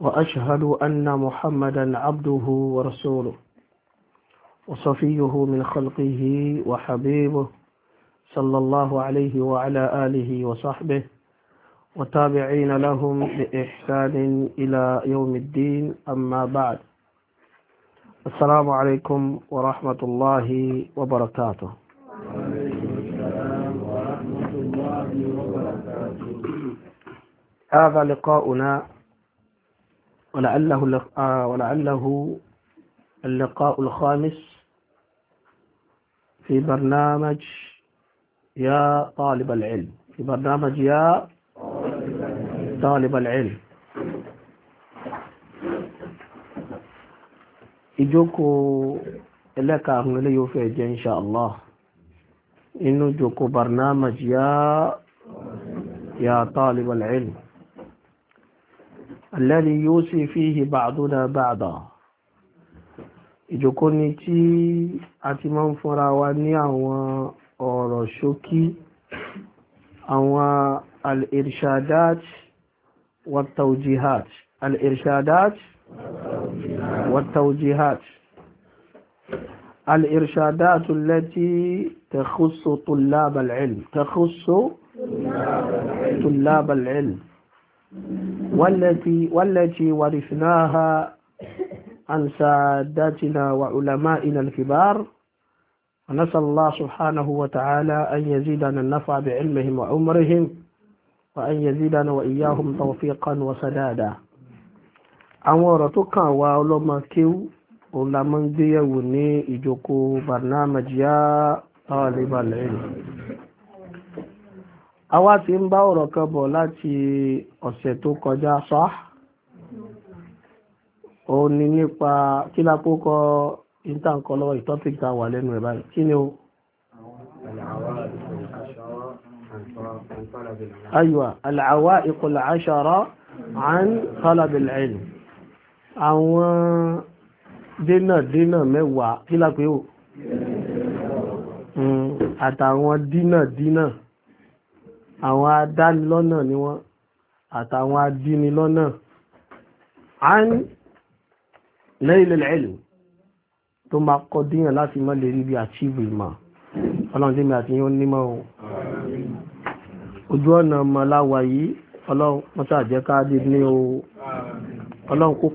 وأشهد أن محمدا عبده ورسوله وصفيه من خلقه وحبيبه صلى الله عليه وعلى آله وصحبه وتابعين لهم بإحسان إلى يوم الدين أما بعد السلام عليكم ورحمة الله وبركاته هذا لقاؤنا ولعله آه، ولعله اللقاء الخامس في برنامج يا طالب العلم في برنامج يا طالب العلم يجوكو لك أغنيو في إن شاء الله إنه جوكو برنامج يا يا طالب العلم الذي يوصي فيه بعضنا بعضا ìjòkó ni tí a ti máa ń fọ́ra wa ní àwọn ọ̀rọ̀ ṣókí àwọn al-irshadat wat-tawjihat al-irshadat wat-tawjihat al-irshadat allati takhussu tullab al-ilm takhussu tullab al-ilm والتي والتي ورثناها عن ساداتنا وعلمائنا الكبار ونسأل الله سبحانه وتعالى أن يزيدنا النفع بعلمهم وعمرهم وأن يزيدنا وإياهم توفيقا وسدادا أمور ọ̀rọ̀ tó kàn wá ọlọ́mọ kéwú òun la máa ń àwa ti ń bá ọ̀rọ̀ kan bọ̀ láti ọ̀sẹ̀ tó kọjá sọ òun ni nípa kí lápò kọ ìtànkọ lọ́wọ́ ìtọ́pìkì tá wà lẹ́nu ẹ̀ báyìí kí ni o. aywa al-awaiq al-ashara an talab al-ilm àwọn dínà dínà mẹ́wàá kí lápò o hmm, àtàwọn dínà dínà àwọn adánilọ́nà ni wọ́n àtàwọn adínilọ́nà an lẹ́yìnlẹ̀ ẹ̀lú tó máa kọ́ díyàn láti mọ́ lè rí bí achieve ìmọ̀ ọlọ́run tẹ́mi àti yíò nímọ̀ ohun ojú ọ̀nà mọ̀láwà yìí ọlọ́run mọ́ta jẹ́ká dé ní o ọlọ́run kó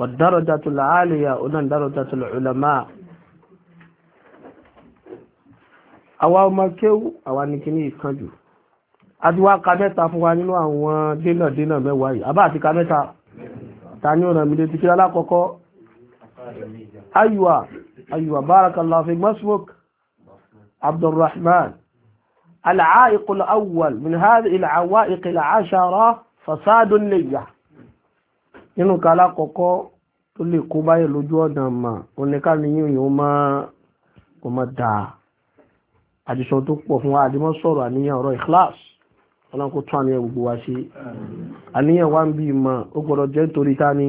والدرجة العالية أولاً درجة العلماء أو ما كيو أو نكني كنجو أدوا كابتا فوانينو أو دينا دينا مواي أبا تكابتا تانيو نميدي تكلا لا كوكو أيوة أيوة بارك الله فيك ما اسمك عبد الرحمن العائق الأول من هذه العوائق العشرة فساد النية nínú ka alákọ̀ọ́kọ́ tó lè kó báyẹ̀ lójú ọ̀nà mà oníká ni yín yóò máa kò mọ̀ dà àdìsọ tó pọ̀ fún wa àdìmọ́ sọ̀rọ̀ àníyàn ọ̀rọ̀ ikhlas ọlọ́run tún àníyàn gbogbo wa ṣe àníyàn wa ń bí ìmọ̀ ó gbọ́dọ̀ jẹ́ nítorí ta ni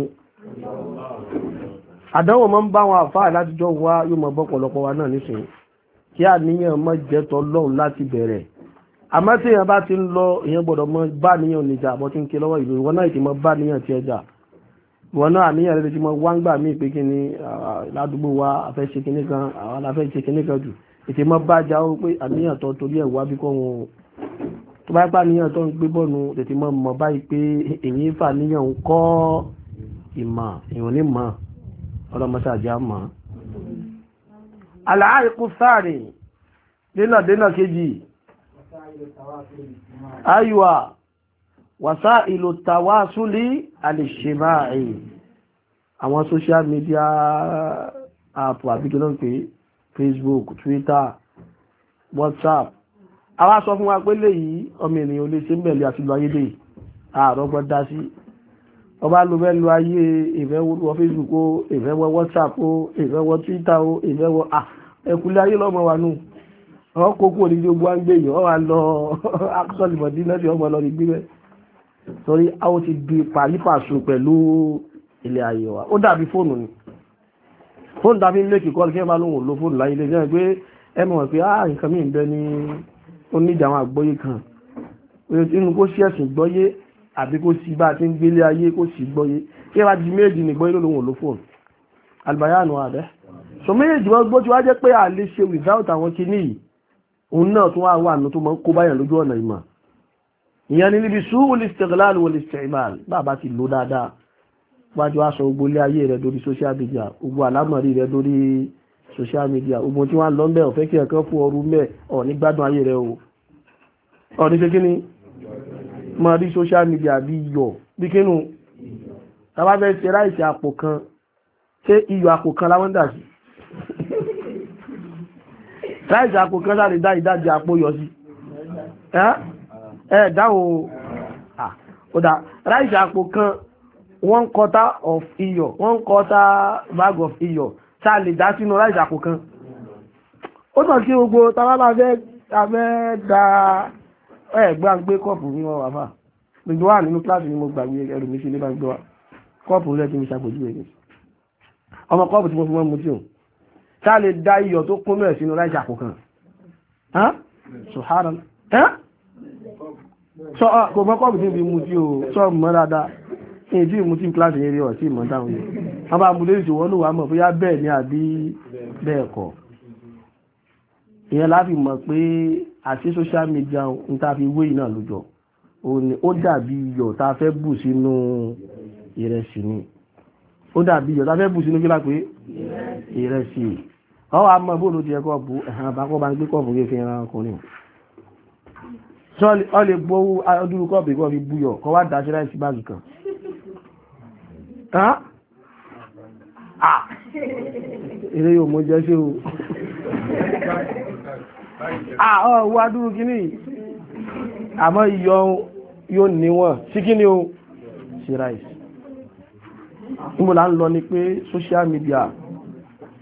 àdánwò máa ń bá wọn àfáà látijọ́ wa yóò mọ bọ́ pọ̀lọpọ̀ wa náà nísìnyí kí àníyàn mọ́ jẹ́tọ̀ lọ́hùn láti bẹ̀rẹ̀ àmọ́ tí èèyàn bá ti ń lọ èèyàn gbọ́dọ̀ mọ bá níyàn níjà àbọ̀ tí ń ké lọ́wọ́ ìlú ìwọ náà ìtì mọ bá níyàn ti ẹja wọn náà àníyàn rẹ̀ lójúmọ́ wá ń gbà mí pé kí ni ládùúgbò wa afẹ́ ṣe kinní kan àwọn aláfẹ́ ṣe kinní kan jù ètè mọ́ bá já ó pé àníyàn tó torí ẹ̀ wá bí kọ́ wọn o tó bá pa àníyàn tó ń gbé bọ́ọ̀nù tètè mọ́ mọ́ báyìí pé èyí fà níyàn ń kọ́ ìmọ̀ èèyàn ní mọ̀ ọlọ́mọṣáàjá mọ̀. àlàáyé kú sáàrin dínà dínà kejì ayùwà wàsáìlò tàwásúlé àlèṣèmáàì àwọn social media app àbíkẹ́ náà pé facebook twitter whatsapp àwa sọ fún wa pé léyìí ọmọ ènìyàn olè ṣe ń bẹ̀lẹ̀ àti lọ ayédè àrọ́gbọ́n dá sí ọba ló fẹ́ ayé ìfẹ́wọ́ facebook o ìfẹ́wọ́ whatsapp o ìfẹ́wọ́ twitter o ìfẹ́wọ́ ẹkùnlé ayé lọ́mọ wa nù ọkọ̀ kò ní gbogbo à ń gbé yìí ọ wa lọ akọ́sọ̀lìmọ̀dínlẹ́sì ọmọ lọ́ọ́ ní gbé bẹ́ẹ̀ torí a ó ti di pàlípàṣù pẹ̀lú ilé ayé wa ó dàbí fóònù ni fóònù dàbí ilé kíkọ́ kí ẹ máa lóhùn ló fóònù láyé lẹ́jọ́ pé ẹ mọ̀ pé ah nǹkan mi ń bẹ ní oníjà àwọn àgbọ́yé kan inú kó sí ẹ̀sìn gbọ́yé àbí kó sí bá a ti ń gbélé ayé kó sì gbọ́yé kí ẹ bá di méjì ní gbọ́yé lóhùn ló fóònù albayanu àbẹ́ so méjèèjì wọn gbọ́ tí wá jẹ́ pé à lè ṣe without àwọn kinní yìí òun náà tún wá wà nù tó mọ́ kó báyàn lójú ọ̀nà ìmọ̀ ìyẹn ni níbi sùúrù istiglal wal istimal bàbá ti lò dáadáa wájú aṣọ ogbó ilé ayé rẹ lórí social media ogbó alámọ̀rí rẹ lórí social media ogbó tí wọ́n lọ ń bẹ̀ ọ̀fẹ́ kí ẹ̀kan fún ọrú mẹ́ ọ̀ní gbádùn ayé rẹ o ọ̀ní ṣe kíni máa rí social media bí iyọ̀ bí kínú tàbá fẹ́ ṣe ráìsì àpò kan ṣé iyọ̀ àpò kan láwọn dà sí ráìsì àpò kan láti dá ìdajì àpò yọ sí ẹ dáhùn ọ̀dà ráìsì àpò kan one quarter of iyọ̀ one quarter bag of iyọ̀ ṣáà lè dá sínú ráìsì àpò kan ó tàn sí gbogbo tàbálà abẹ́ da ẹ̀ gbá gbé kọ́ọ̀pù ní wọn wàfà gbogbo wà nínú kíláàsì ni mo gbàgbé ẹrù mi sí ní bá gbé wa kọ́ọ̀pù rẹ̀ ti mi ṣàpèjú ẹ̀yẹ ọmọ kọ́ọ̀pù tí mo fi mọ́ mu tí òun ṣáà lè dá iyọ̀ tó kún mẹ́ẹ̀ sínú ráìsì àpò kan. Subhanallah sọ uh, kò mọ́ kọ́ọ̀bù tí ń fi mu tí o sọ mọ́ dáadáa ní ìdí ìmú tí kíláàsì yẹn rí ọ̀ tí ìmọ̀ táwọn yẹn wọ́n bá mu lórí ìṣòwò olùwà mọ̀ bóyá bẹ́ẹ̀ ni àbí bẹ́ẹ̀ kọ́ ìyẹn láti mọ̀ pé àti social media ń ta fi wéyìn náà lójọ ó dàbí iyọ̀ tá a fẹ́ bù sínú ìrẹsì ni ó dàbí iyọ̀ tá a fẹ́ bù sínú kílá pé ìrẹsì ọwọ́ àmọ́ bóòlù ti ẹ̀kọ́ bu ẹ̀hàn àbákọ́ bá ń gbé kọ́ọ̀fù kékeré ọkùnrin tí wọ́n lè gbówó ọdún kọ́ọ̀bì kọ́ fi búyọ̀ kọ́ wá dáṣẹ́ láìsí báàzù kan eré yóò mọ́ jẹ́ ṣe o ah ọwọ́ adúrú kíní àmọ́ iyọ̀ yóò níwọ̀n sí kíní o sí ráìsì níbo là ń lọ ni pé social media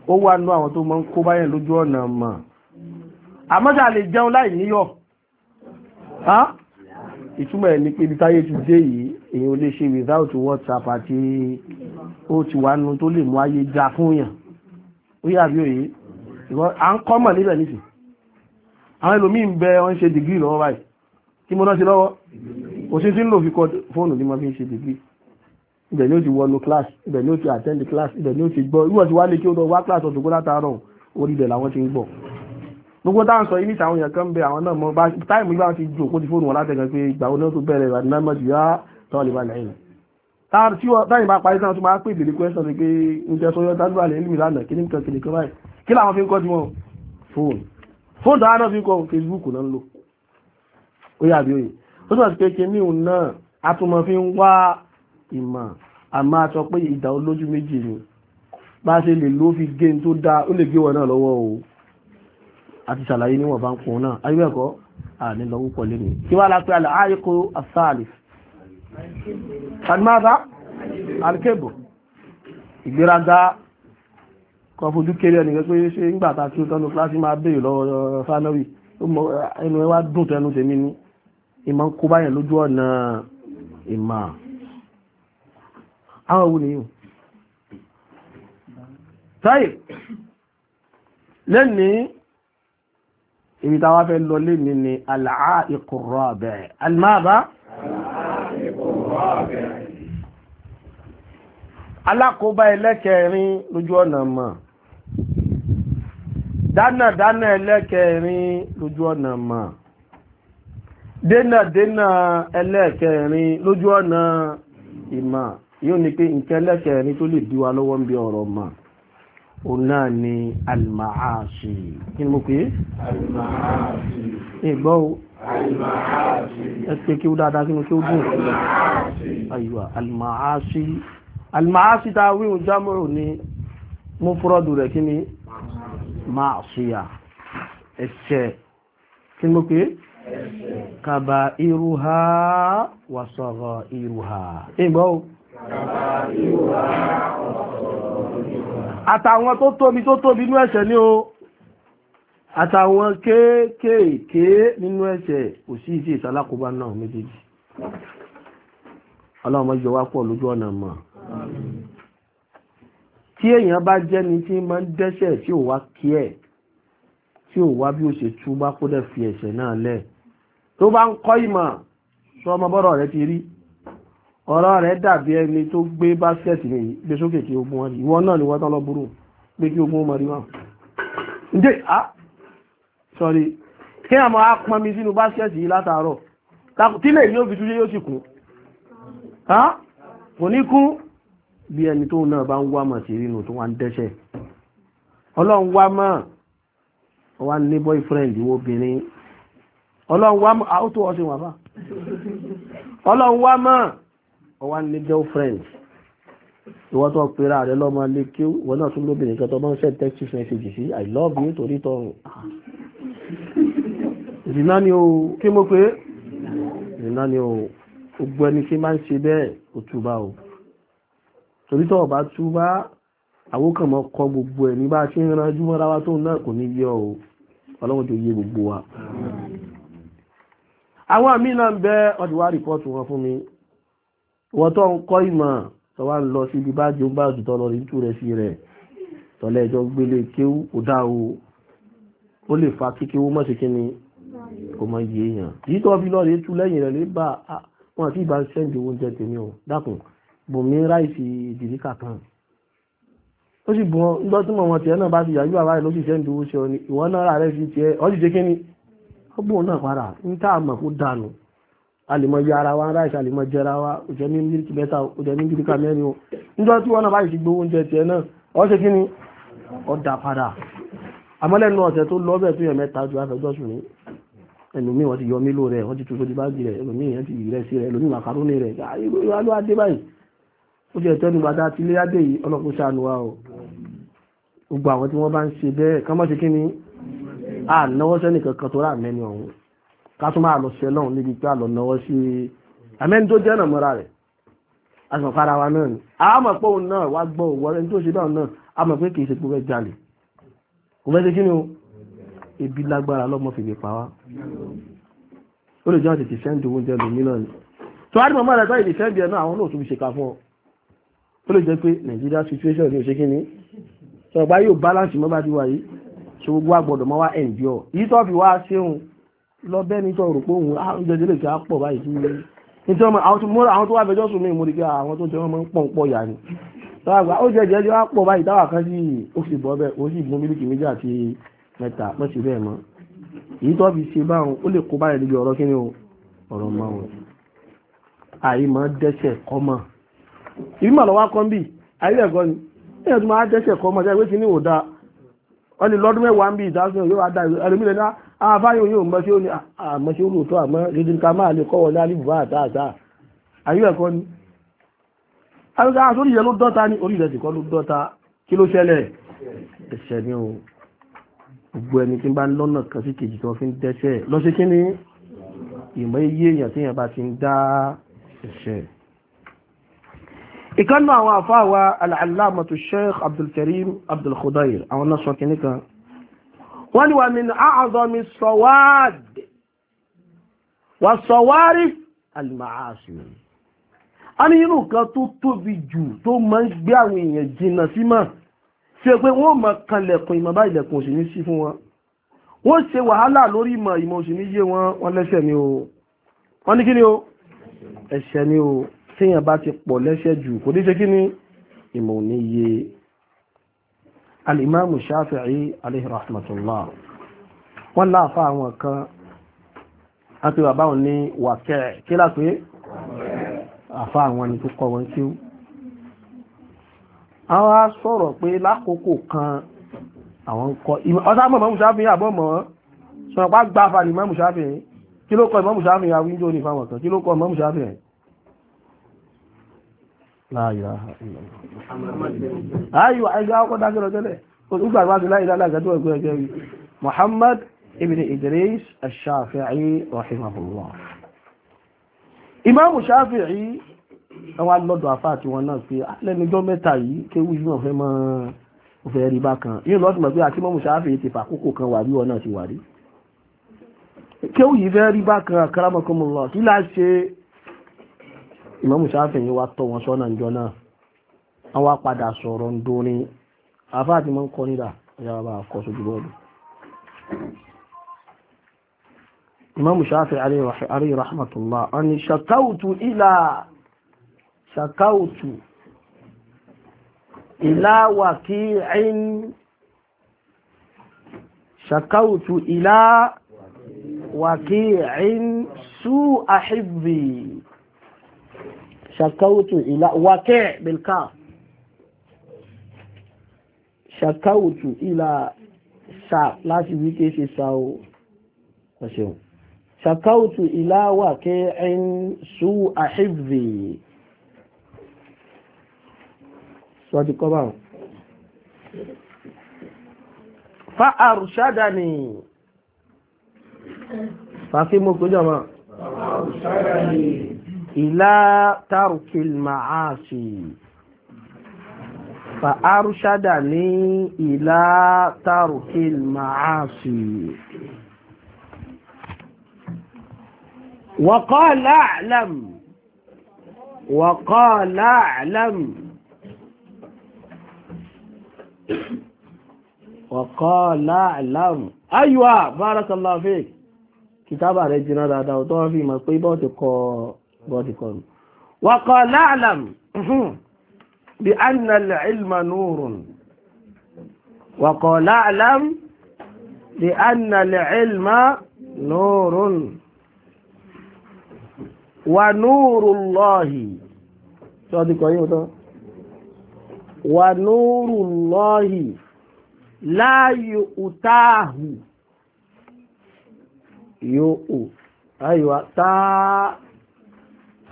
ó wà nú àwọn tó mọ́ ń kó báyẹ̀ lójú ọ̀nà mọ̀ àmọ́ṣà lè jẹun láì níyọ̀ ha ìtumọ̀ ẹ̀ ní pé ibi táyé ti dé yìí èyàn lè ṣe without whatsapp àti ó ti wà nínú tó lè mú ayé já fún yàn ó yàbí òye à ń kọ́mọ̀ níbẹ̀ nísìn àwọn ẹlòmíì ń bẹ wọ́n ń ṣe dìgírì lọ́wọ́ báyìí kí mo náà ṣe lọ́wọ́ òṣìṣẹ́ tí ń lò fi kọ fóònù ní mo fi ṣe dìgírì ibẹ̀ ni ó ti wọnú class ibẹ̀ ni ó ti attend class ibẹ̀ ni ó ti gbọ́ ìwọ̀n ti wá lé kí ó lọ wá class ọ̀tún kó látàárọ̀ orí ibẹ̀ làwọn ti ń gbọ́ gbogbo táwọn sọ yìí àwọn èèyàn kan bẹ àwọn náà mọ bá táìmù gbà ti ju òkú ti fóònù wọn látẹ̀gàn pé ìgbà wo náà tó bẹ̀rẹ̀ ìwà náà mọ̀ jù yá tọ́ lè balẹ̀ yìí táyì bá parí náà tó máa pè ìbèrè kwẹ́sọ̀ ni pé ń jẹ́ sọ́yọ́ dájúbà lè lùmí lánàá kí ní kan kìlì kan báyìí kí làwọn fi ń kọ́ tí wọ́n fóònù fóònù táwọn náà fi ń kọ́ Facebook náà ń lò ó yà bí òye ó túnmọ̀ sí pé kí ní òun náà a tún mọ fi ń wá ìmọ̀ àmọ́ a sọ pé ìdá olójú méjì ni bá ṣe lè ló fi gé tó dáa ó lè gé wọn náà lọ́wọ́ o àti ṣàlàyé níwọ̀n bá ń pọ̀ náà ayébẹ̀kọ́ ànílọ púpọ̀ lẹ́nu kí wá lápẹ́ alẹ́ àìkò asáàlì sàdmáàdá alkebo ìgbéraga kan fojú kéré ẹnìkan pé ṣe ńgbà tá a tún tọ́nu kíláàsì máa béèrè lọ́wọ́ uh, fánáwì uh, ẹnu ẹ wá dùn tẹnu tèmi ni ìmọ̀ ń kó báyẹn lójú ọ̀nà ìmọ̀ àwọn òwú nìyí táyì lẹ́nìí ibi táwa fẹ́ lọ lé mi ni al-a'iq ar-rabi' al-maba al-a'iq ar-rabi' alákòóbá ẹlẹ́kẹrin lójú ọ̀nà mọ̀ dánàdánà ẹlẹ́kẹrin lójú ọ̀nà mọ̀ dénàdénà ẹlẹ́kẹrin lójú ọ̀nà ìmọ̀ yóò ní pé nǹkan ẹlẹ́kẹrin tó lè di lọ́wọ́ ń bí ọ̀rọ̀ mọ̀ òun náà ni alìmọ̀háàṣì kí ni mo pè é alìmọ̀háàṣì ìgbọ́ o alìmọ̀háàṣì ẹ pé kí ó dáadáa kí ni kí ó dùn alìmọ̀háàṣì aywa alìmọ̀háàṣì alìmọ̀háàṣì tá a wí òun jámọ́rò ni mo fúrọ́dù rẹ̀ kí ni máa ṣíyà ẹ̀ṣẹ̀ kí ni mo pè é ẹ̀ṣẹ̀ kàbà irú ha wàṣọ̀rọ̀ ìgbọ́ o àtàwọn tó tóbi tó tóbi nínú ẹ̀ṣẹ̀ ni o àtàwọn kéékèèké nínú ẹ̀ṣẹ̀ kò sí ìṣe ìsálákòóbá náà méjèèjì ọlọ́mọ yọ wá pọ̀ lójú ọ̀nà mọ̀ tí èèyàn bá jẹ́ni tí máa ń dẹ́ṣẹ̀ tí ò wá kí ẹ̀ tí ò wá bí ó ṣe tú kó dẹ̀ fi ẹ̀ṣẹ̀ náà lẹ̀ tó bá ń kọ́ ìmọ̀ sọ ọmọ bọ́rọ̀ rẹ ti rí ọ̀rọ̀ rẹ̀ dàbí ẹni tó gbé báskẹ̀tì rẹ̀ gbé sókè kí ogun wọn ìwọ náà ni wọ́n tán lọ burú pé kí ogun wọn rí wọn. ǹdẹ́ à sọ̀rí kí a máa pọn mi sínú báskẹ̀tì yìí látàárọ̀ tí lè yóò fi túnṣe yóò sì kún kò ní kún bí ẹni tó náà bá ń wá mọ̀ sí rínú tó wá ń dẹ́ṣẹ̀ boyfriend wo obìnrin ọlọ́run wá mọ̀ àwọn tó ọ̀sìn wà fà ọlọ́run wá mọ̀ ọwá ní girlfriend ìwọ́n tó pera rẹ lọ́mọ lé kí wọ́n náà tún lóbìnrin kan tó bá ń send text message sí i love you torí tọrùn ìdìná ni o kí mo pé ìdìná ni o gbogbo ẹni tí máa ń ṣe bẹ́ẹ̀ ó túbá o torí tọ́ ọba túbá àwókànmọ́ kọ gbogbo ẹ̀ ní bá ṣe ń ranjú mọ́ra wá tó náà kò ní yé o ọlọ́run tó yé gbogbo wa àwọn àmì náà ń bẹ ọdún wá rìpọ́ọ̀tù wọn fún mi wọ́n tó ń kọ́ ìmọ̀ tó wá ń lọ sí ibi bájú ń bájú tó lọ rí tú rẹ̀ sí rẹ̀ tọ́lẹ̀ ẹjọ́ gbélé kéwú kò dá o ó lè fa kíkéwú mọ́ sí kíni kò mọ iye èèyàn yìí tó fi lọ rí tú lẹ́yìn rẹ̀ lè bá wọn àti ìbá sẹ́ǹdì oúnjẹ tèmi o dákun bùnmi ráìsì ìdìríkà kan ó sì bùn ọ́ tí mọ̀mọ́ tiẹ̀ náà bá ti yàjú àbáyé ló sì sẹ́ǹdì owó ṣe ọ ni ìwọ náà rà rẹ̀ fi tiẹ̀ ọ́ sì ṣe kíni ó bùn náà padà ń tá àmọ̀ kó dànù alìmọ̀ yọ ara wa ráìsì alìmọ̀ jẹra wa òjẹ́ ní mílíkì mẹ́ta òjẹ́ ní mílíkì mẹ́rin o níjọ́ tí wọ́n náà báyìí ti gbowó oúnjẹ tiẹ̀ náà ó ṣe kí ni ó dà padà àmọ́lẹ́nu ọ̀sẹ̀ tó lọ bẹ̀ tó yẹ mẹ́ta ju afẹjọ́sùn ní ẹlòmíì wọ́n ti yọ mílò rẹ̀ wọ́n ti tún sódì báàgì rẹ̀ ẹlòmíì yẹn ti rẹ̀ sí rẹ̀ ẹlòmíì màkàrónì rẹ̀ aló adé báyìí ó ni ànáwọ́sẹ́ nìkan kan ká tún máa lọ sí ọlọ́run níbi pé àlọ́ náwọ́ sí àmẹ́ni tó jẹ́ nàmọ́ra rẹ̀ asọ̀fara wa náà ni a mọ̀ pé òun náà wá gbọ́ òwò ẹni tó ṣe dáhùn náà a pé kì í ṣe pé ó jalè kò fẹ́ ṣe kí ni o ebi lágbára lọ́mọ fìdí pa wá ó lè jẹ́ àtẹ̀tẹ̀ sẹ́ńdì oúnjẹ lòmí náà ni tó wá ní mọ̀mọ́ rẹ̀ tó ìdí sẹ́ńdì àwọn náà fi ṣe ká fún ọ ó lè jẹ́ pé Nàìjíríà situation ni ò ṣe kí ni sọ̀gbá yóò balance mọ́ bá ti wà yìí ṣe gbogbo àgbọ̀dọ̀ mọ́ wá endure yìí tó fi wá ṣéhun lọ bẹ́ni tó rò pé òun jẹjẹ lè ká pọ̀ báyìí sí ilé nítorí ọmọ àwọn tó wà fẹjọ́ sùn mí mo rí pé ah, àwọn tó ń tẹ́wọ́n máa ń pọ̀ ń pọ̀ yà ni tọ́wàgbà ó jẹjẹ jẹ́ wá pọ̀ báyìí táwà kan sí ó sì bọ́ bẹ́ẹ̀ ó sì mú mílíkì méjì àti mẹ́ta pọ̀ sí bẹ́ẹ̀ mọ́ èyí tó fi ṣe báwọn ó lè kó báyìí níbi ọ̀rọ̀ kíni ọ̀rọ̀ mọ́ wọn àyè máa dẹ́sẹ̀ kọ́mọ ìbí màlọ́wá kọ́ńbì ẹ̀kọ́ ni ẹ̀yẹ́ wọ́n ní lọ́dún mẹ́wàá ń bí ìdásùn yóò adá ẹlòmílẹ̀ náà ah, àfáyọ̀ yóò mọ́ sí ó ní àmọ́ ah, sí olóòótọ́ àmọ́ dídí ká máa lè kọ́wọ́ ní alíbùbá àtàtà ayé ẹ̀kọ́ ni àwọn àsórí ah, yẹn ló dọ́ta ní orí ìrẹsì kan ló dọ́ta kí ló ṣẹlẹ̀ ẹ̀ṣẹ̀ ni o gbogbo ẹni tí bá ń lọ́nà kan sí kejì tí fi ń dẹ́ṣẹ̀ lọ́sẹ̀ kí ni ìmọ̀ iye èèyàn tí èèyàn bá ti ń dá ẹ̀ṣẹ̀ ìkánná àwọn àfáàwà alàlámàtò sheikh abdulkarim abdulkhudair àwọn náà sọ kìíní kan wọ́n ni wà ní àádọ́mi sọ̀wáàdì wà sọ̀wárí alìmàáṣì a ní inú kan tó tóbi jù tó máa ń gbé àwọn èèyàn jìnnà sí mọ́ ṣe pé wọ́n máa kanlẹ̀kùn ìmọ̀ bá ilẹ̀kùn òsì ní sí fún wọn wọ́n ṣe wàhálà lórí ìmọ̀ ìmọ̀ òsì ní yé wọn wọ́n ni o wọ́n ní kí ni o ẹ̀ṣẹ̀ ni o téèyàn bá ti pọ̀ lẹ́ṣẹ̀ jù kò ní ṣe kí ni ìmọ̀ ò ní yé alìmáàmù Ṣáfi'í alayhi rahmatullah wọ́n láàfá àwọn kan àti bàbá wọn ní wàkẹ́ kí lápé àfá àwọn ni tó kọ́ wọn kí ó àwọn á sọ̀rọ̀ pé lákòókò kan àwọn ń kọ́ mọ́mù Ṣáfi'í àbọ̀ mọ́ sọ̀rọ̀ pá gbáfà ní mọ́mù Ṣáfi'í kí ló kọ́ mọ́mù Ṣáfi'í àwíjọ́ ní fáwọn kan kí ló kọ́ mọ́mù Ṣáfi'í láàyà ayò àìgbà ọkọ̀ dákẹ́rọ tẹ́lẹ̀ olùgbàgbà ti láìlá alágbàtọ̀ ẹgbẹ́ ẹgbẹ́ rí Muhammad ibn Idris al-Shafi'i rahimahullah imaamu Shafi'i ẹwà lọ́dọ̀ afá àti wọn náà pé lẹ́nijọ́ mẹ́ta yìí kéwú yìí wọ́n fẹ́ mọ́ òfẹ́ rí bá kan yìí lọ́dún mọ̀ pé àti mọ́mù Shafi'i ti fà kókò kan wà rí ọ náà ti wà rí kéwú yìí fẹ́ rí bá kan kí ìmọ̀mù sáfẹ̀yìn wa tọ́ wọn sọ́nà ìjọ náà wọ́n wá padà sọ̀rọ̀ ń dórin àfáà ti mọ́ ń kọ́ nídà ìyára bá kọ́ sójú bọ́ọ̀lù ìmọ̀mù sáfẹ̀ alayhi rahmatullah wọ́n ni ṣàkáùtù ìlà ṣàkáùtù شكوت إلى وكع بالكاف شكوت إلى شا لا سيبيكي في ساو أشيو شكوت إلى وكع سوء حفظي سواتي كوبان فأرشدني ففي مكجمة فأرشدني إلى ترك المعاصي فأرشدني إلى ترك المعاصي وقال أعلم وقال أعلم وقال أعلم أيوة بارك الله فيك كتاب على الجنة هذا وطوى في مصيبة God وقال اعلم بأن العلم نور وقال اعلم بأن العلم نور ونور الله صادق أيوة ونور الله لا يؤتاه يؤ أيوة تا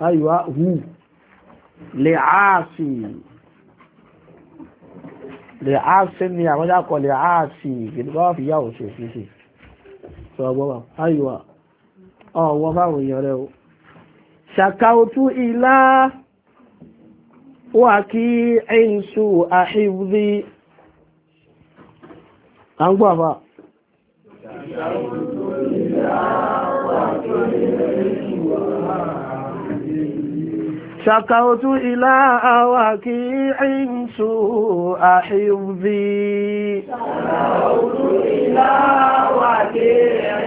aiwa hu lẹ́àásì lẹ́àásì ni àwọn jákọ̀ lẹ́àásì gẹ̀dẹ̀bá fi yá òṣè fíṣì sọgbọ́wà aiwa ọwọ́ fáwọn èèyàn rẹ̀ o ṣàkàótú ilá wà kí ẹ̀yìnṣù àhìbí a ń gbọ́ àfà ilá wà kí ẹ̀yìnṣù àhìbí شكوت إلى وكيع سوء حفظي شكوت إلى وكيع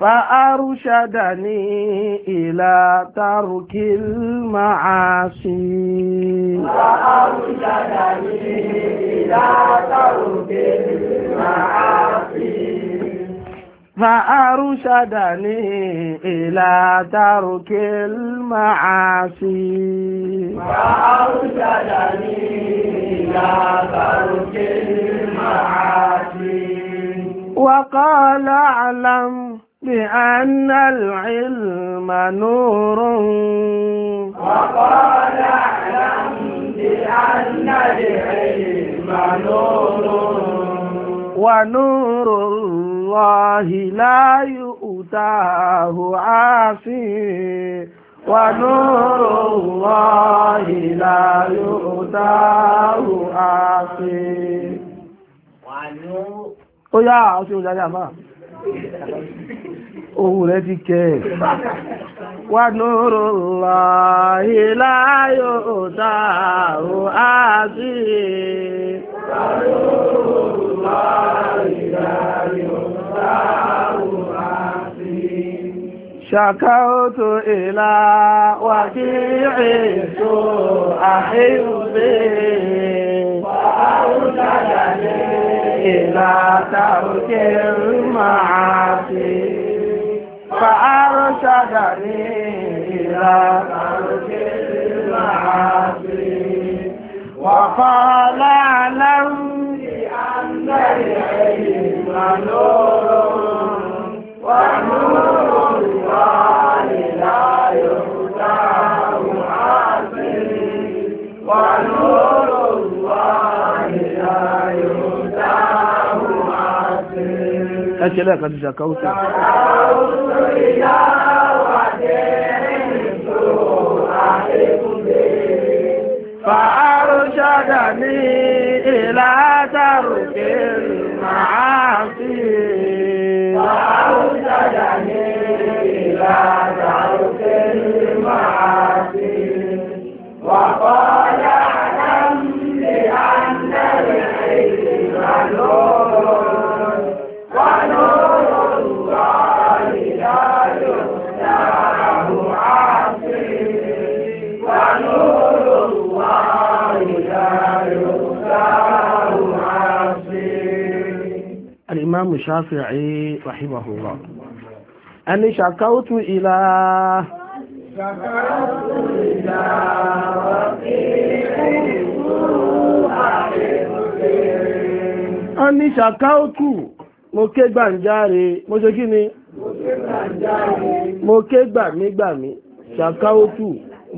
فأرشدني إلى ترك المعاصي فأرشدني إلى ترك المعاصي فأرشدني إلى ترك المعاصي فأرشدني إلى ترك المعاصي وقال أعلم بأن العلم نور وقال أعلم بأن العلم نور ونور الله لا يؤتاه عافي ونور الله لا يؤتاه عافي ó yá ọ̀ṣẹ́ òjáde àmá ohun rẹ̀ ti kẹ́ wà nùrù lọ ìlà yóò dáa شكوت إلى وكيعي سوء حبي وأرشدني إلى ترك المعاصي فأرشدني إلى ترك المعاصي وقال اعلم بأن العلم نور ونور الله لا يهداه عاصم ونور الله لا يهداه عاصم أنت لا قد زكوت إلى فأرشدني إلى ترك المعاصي فأرشدني إلى ترك المعاصي وقال أعلم بأن العلم نور الإمام الشافعي رحمه الله أني شكوت إلى شكوت إلى رفيع a ní ṣàkáòtù mo ké gbàǹjáre mo ṣe kí ni mo ké gbàmígbàmí ṣàkáòtù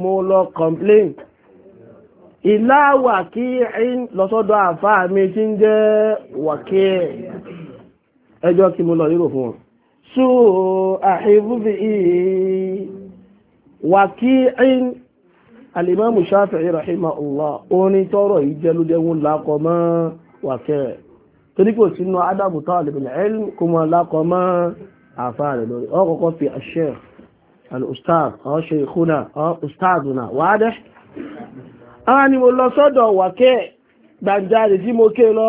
mo lọ complain ìlà wàkíìn lọ́sọ́dọ̀ àfáà mi tí ń jẹ́ wàkíìn ẹjọ́ kí mo lọ lérò fún wọn so àhìbúbi wà kí ẹ̀yìn alìmọ́mù Shafi'i rahimahullah orin tọ́rọ̀ yìí jẹ́ ló jẹ́wọ́n lákọ̀ mọ́ wàkẹ́ torí kò sínú adabu talib al-ilm kó mọ́ lákọ̀ mọ́ àfá rẹ̀ lórí ọkọ̀kọ́ gbàjáde tí mo ké lọ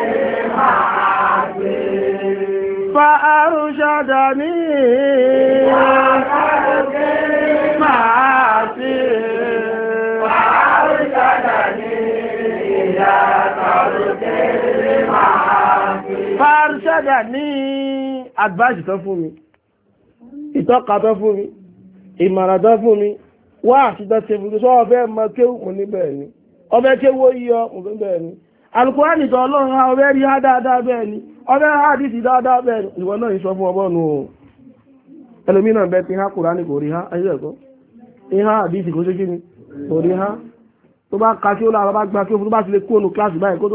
فأرشدني وأخذ بالمعاصي وأرشدني إلى advice tó fún mi ìtọ́ka tó fún mi ìmọ̀ràn tó fún mi wá àtijọ́ ṣe fún mi sọ ọ̀fẹ́ mọ kéwù mo ní bẹ́ẹ̀ ni ọbẹ̀ kéwù yíyọ mo ní bẹ́ẹ̀ ni alukóhánì tó ọlọ́run ọbẹ̀ rí á dáadáa ni ọdẹ àdìsí dáadáa bẹ́ẹ̀ ìwọ náà ìṣọ́ fún ọbọ̀ nù ẹlòmínà bẹ́ẹ̀ ti há kùránì kò rí há ayé ẹ̀kọ́ ìhá àdìsí kò ṣe kí ni kò rí há tó bá ka kí ó lára bá gba kí ó fún bá ti lè ònù kíláàsì báyìí kó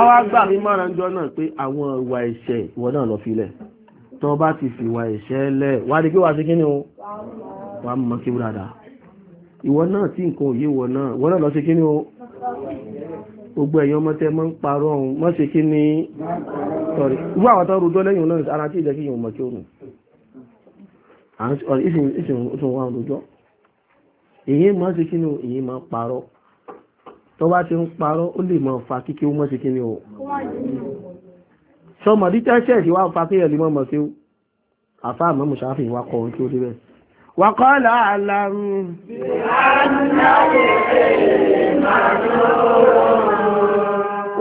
àwọn àgbà mi mọ́ra ń jọ náà pé àwọn ìwà ẹ̀ṣẹ̀ ìwọ náà lọ filẹ̀ tó bá ti fi ìwà ẹ̀ṣẹ̀ lẹ̀ wá di pé wà sí kíni o wà mọ́ kí wúradà ìwọ náà tí nǹkan òye ìwọ náà ìwọ náà lọ sí kíni o gbogbo ẹ̀yàn ọmọ tẹ mọ́ ń parọ́ ọ̀hún mọ́ sí kí ni sọ̀rí irú àwọn tó rojọ́ lẹ́yìn náà ara tí ìjẹ́ kí yìí mọ̀ kí ó nù ìsìn ìsìn òtún wà rojọ́ èyí mọ́ sí kí ni èyí máa parọ́ tó bá ti ń parọ́ ó lè mọ̀ fa kíkí ó mọ́ sí o sọmọ díjẹ́ ṣẹ̀ṣì wá fa kíyàn lè mọ̀ sí o àfa àmọ́ mùsàáfì wa kọ ohun tí ó dé bẹ́ẹ̀. وقال أعلم بأنه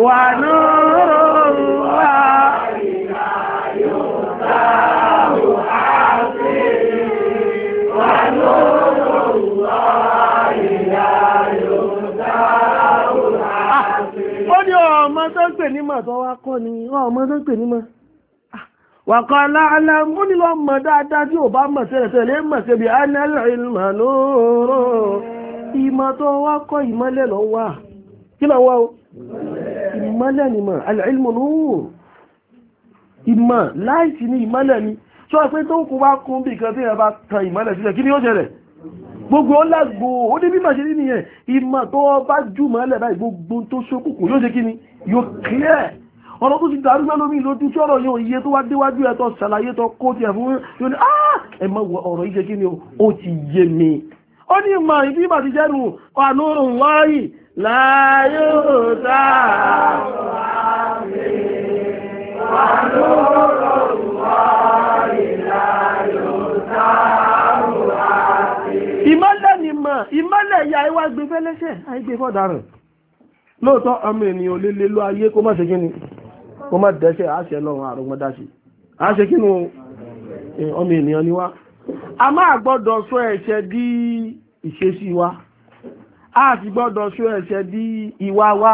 ونور ń pè ní mọ̀ tó wá kọ́ ni wọ́n ọmọ tó ń pè ní mọ̀ ah, wàkọ́ aláàlá ó ní lọ mọ̀ dáadáa tí ò bá mọ̀ tẹ́lẹ̀tẹ́lẹ̀ mọ̀ síbi anẹ́lẹ̀ ìmọ̀ lóòrò ìmọ̀ tó wá kọ́ ìmọ̀lẹ̀ lọ wà kí lọ wá o ìmọ̀lẹ̀ ni mọ̀ alẹ́ìmọ̀ lóòrò ìmọ̀ láìsí ní ìmọ̀lẹ̀ ni sọ pé tó kó bá kún bí kan tí ẹ bá tan ìmọ̀lẹ̀ sílẹ̀ kí ni ó ṣẹlẹ̀ gbogbo ó lágbo ó ní bí màṣẹ nìyẹn ìmọ̀ tó bá jù mọ́lẹ̀ báyìí gbogbo tó ṣókùnkùn yóò ṣe kí ni yóò clear ọ̀rọ̀ tó ti dàrú mẹ́lómi lójú tí ọ̀rọ̀ yóò iye tó wá déwájú ẹ̀tọ́ ṣàlàyé tó kó tiẹ̀ fún yóò ní ah! ẹ̀mọ́ ọ̀rọ̀ yìí kí ni ó ti yé mi ó ní ìmọ̀ ìdí ìbà ti jẹ́nu ọ̀nùrù wáyì láyé òdà ìmọ́lẹ̀ ni mọ̀ ìmọ́lẹ̀ ya iwá gbé fẹ́lẹ́ṣẹ̀ àìgbé fọ́daràn lóòótọ́ ọmọ ènìyàn lè lè lọ ayé kó má ṣe kí ni kó má dẹ́ṣẹ̀ àṣẹ lọ́run àrùnmọ́dáṣe àṣẹ kí ni ọmọ ènìyàn ni wá a máa gbọ́dọ̀ sọ ẹ̀ṣẹ̀ di ìṣesí wa a sì gbọ́dọ̀ sọ ẹ̀ṣẹ̀ di ìwà wa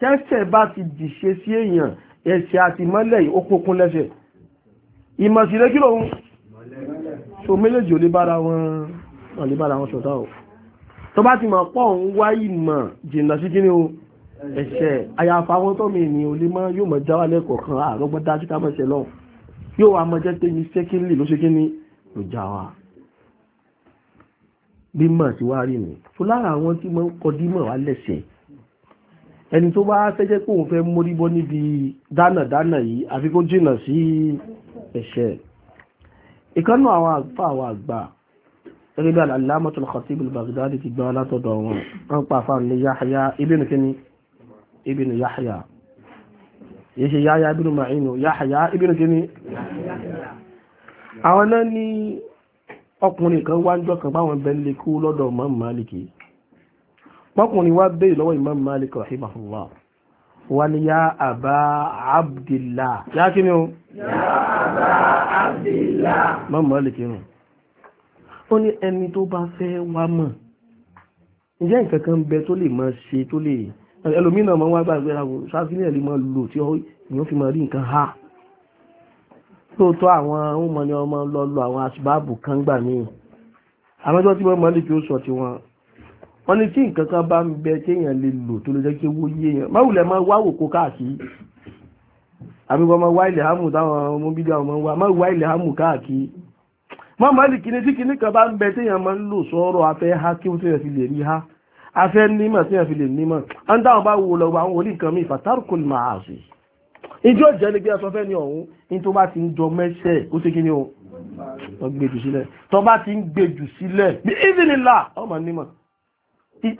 tẹ́ṣẹ̀ bá ti dìṣe sí èèyàn ẹ̀ṣẹ̀ àti mọ́lẹ̀ ó kókún lẹ́ṣẹ̀ ìmọ̀sílẹ̀ kí lòun so méjèèjì ò lè bára wọn ò lè bára wọn ṣọ̀tá o tó bá ti mọ̀ pọ̀ ń wá ìmọ̀ jìnnà sí kí ni o ẹ̀ṣẹ̀ àyàfà àwọn tó mi ní olè mọ́ yóò mọ̀ já wà lẹ́kọ̀ọ́ kan àrọ́gbọ́n dájú ká mọ̀ ṣe lọ yóò wá mọ̀ jẹ́ pé mi sẹ́kìlì ló ṣe kí ni ló wa bí mọ̀ sí wá rí mi tó lára àwọn tí mo ń kọjú mọ̀ wá lẹ́sẹ̀ ẹni tó bá fẹ́ àwọn àgbà àwọn àgbà gẹ́gẹ́ bí aláàmọ́tò Khatib al-Baghdadi ti gbọ́ látọ̀dọ̀ wọn wọ́n pa fáwọn ní Yahya ibn kíni ibn Yahya yìí ṣe Yahya ibn Ma'inu Yahya ibn kíni àwọn náà ní ọkùnrin kan wá ń jọ kan báwọn bẹ́ẹ̀ lè kú lọ́dọ̀ Imam Maliki pọ́kùnrin wá bẹ́ẹ̀ lọ́wọ́ Imam Malik ó ní ẹni tó bá fẹ́ wá mọ̀ ǹjẹ́ nǹkan kan bẹ tó lè máa ṣe tó lè ẹlòmínà máa wá gbàgbé ra ṣáfílẹ̀ lè máa lò tí èèyàn fi máa rí nǹkan ha lóòótọ́ àwọn ọmọ ni ọmọ lọ lọ àwọn àṣìbáàbù kan gbà míì àmọ́jọ́ tí wọ́n mọ̀ lè fi ó sọ ti wọn wọ́n ní tí nǹkan kan bá ń bẹ téèyàn lè lò tó lè jẹ́ kí owó yé èèyàn máwùlẹ̀ máa wá òkó káàkiri àbí wọ́n máa wá ilẹ̀ hàmù táwọn ọmọ bíbí àwọn ọmọ wa máa wá ilẹ̀ hàmù káàkiri mọ́ mọ́lì kìíní tí kìíní kan bá ń bẹ téèyàn máa ń lò sọ́rọ̀ afẹ́ ha kí wọ́n téèyàn fi lè rí ha afẹ́ nímọ̀ téèyàn fi lè nímọ̀ ń dáhùn bá wo lọ́wọ́ àwọn orí nǹkan mi fatarkul maasi ìjọ jẹ́ ni bí ẹsọ fẹ́ ni ọ̀hún ní tó bá ti ń jọ mẹ́sẹ̀ ó ṣe kí ni o wọ́n gbé jù sílẹ̀ tó bá ti ń gbé sílẹ̀ bí ìdílélà ọmọ nímọ̀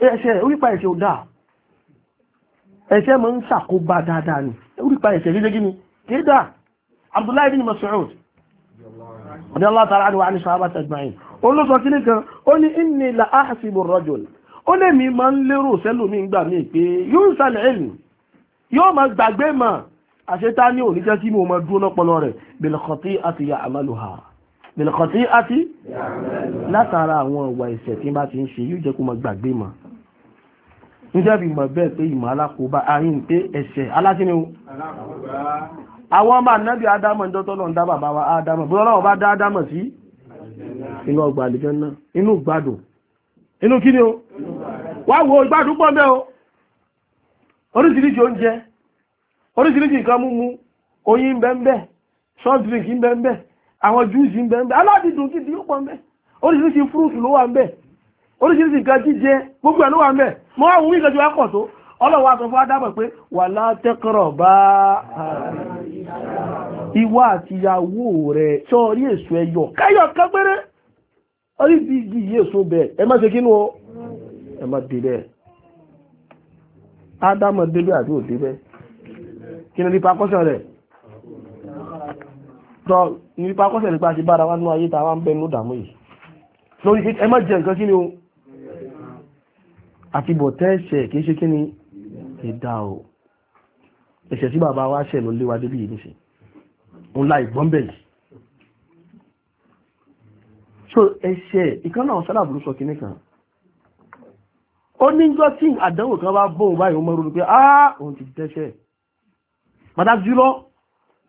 ẹsẹ̀ orípa ẹsẹ̀ ò dáa ẹsẹ̀ máa ń ṣàkóbá dáadáa ni orípa ẹsẹ̀ ọdí aláàtàrà àdíwà ní sàábà tẹgbàáyìn olóso kíní kan ó ní inni la ahasibu rajul ó lè mi máa ń lérò sẹ́lòmí gbà mí pé yóò ń sàlẹ̀ ẹ̀lì yóò máa gbàgbé mà àṣetá ní òní jẹ́ kí mo máa dúró lọ́pọlọ rẹ̀ bil khati'ati ya'maluha bil khati'ati látara àwọn ìwà ẹ̀ṣẹ̀ tí bá ti ń ṣe yóò jẹ́ kó máa gbàgbé mà níjẹ́ bí mọ̀ bẹ́ẹ̀ pé ìmọ̀ alákòóbá ayín pé ẹ̀ṣẹ̀ alákíní àwọn ọmọ ànábì ádámọ̀ ń dọ́tọ́ lọ́n dá bàbá wa ádámọ̀ bí ọlọ́wọ́ bá dá ádámọ̀ sí inú ọgbà àlìjẹ́ náà inú gbádùn inú kí ni o wá wo ìgbádùn pọ̀ mẹ́ o oríṣiríṣi oúnjẹ oríṣiríṣi nǹkan múmu oyin bẹ́ẹ̀ soft drink bẹ́ẹ̀ àwọn júùsì bẹ́ẹ̀ aládìdùn kí ti ó pọ̀ mẹ́ oríṣiríṣi fúrúùtù ló wà ń bẹ̀ oríṣiríṣi nǹkan jíjẹ gbogbo ẹ̀ ló wà ń bẹ̀ mọ́ àwọn ìgbẹ́jọ́ wá pọ̀ tó ọlọ́wọ́ aṣọ fún ádámọ̀ pé wà látẹ́kọ̀rọ̀ bá ààrẹ ìwọ àti ìyàwó rẹ̀ sọ́ọ́rí èso ẹyọ káyọ̀ kápẹ́rẹ́ orí bí igi yìí èso bẹ́ẹ̀ ẹ má ṣe kínú ọ ẹ má dé bẹ́ẹ̀ ádámọ̀ débẹ̀ àti òdé bẹ́ẹ̀ kí ni nípa kọ́sẹ̀ rẹ̀ tọ́ nípa kọ́sẹ̀ nípa ti bára wá nú ayé ta wá ń bẹnu dàmú yìí lórí ẹ má jẹ nǹkan kí ni o àti bọ̀tẹ́ ẹ̀ṣẹ̀ kìí ṣe kí ni ẹ̀dá o ẹ̀ṣẹ̀ sí bàbá wa ṣẹ̀ ló léwa débí yìí nìṣẹ́ ń la ìgbọ́n bẹ̀ so ẹ̀ṣẹ̀ ìkan náà sálàbùrú sọ kìnnì kan ó níjọ́ tí àdánwò kan bá bóun báyìí ó mọ ronú pé áá òun ti dẹ́ṣẹ̀ pàtàkì jùlọ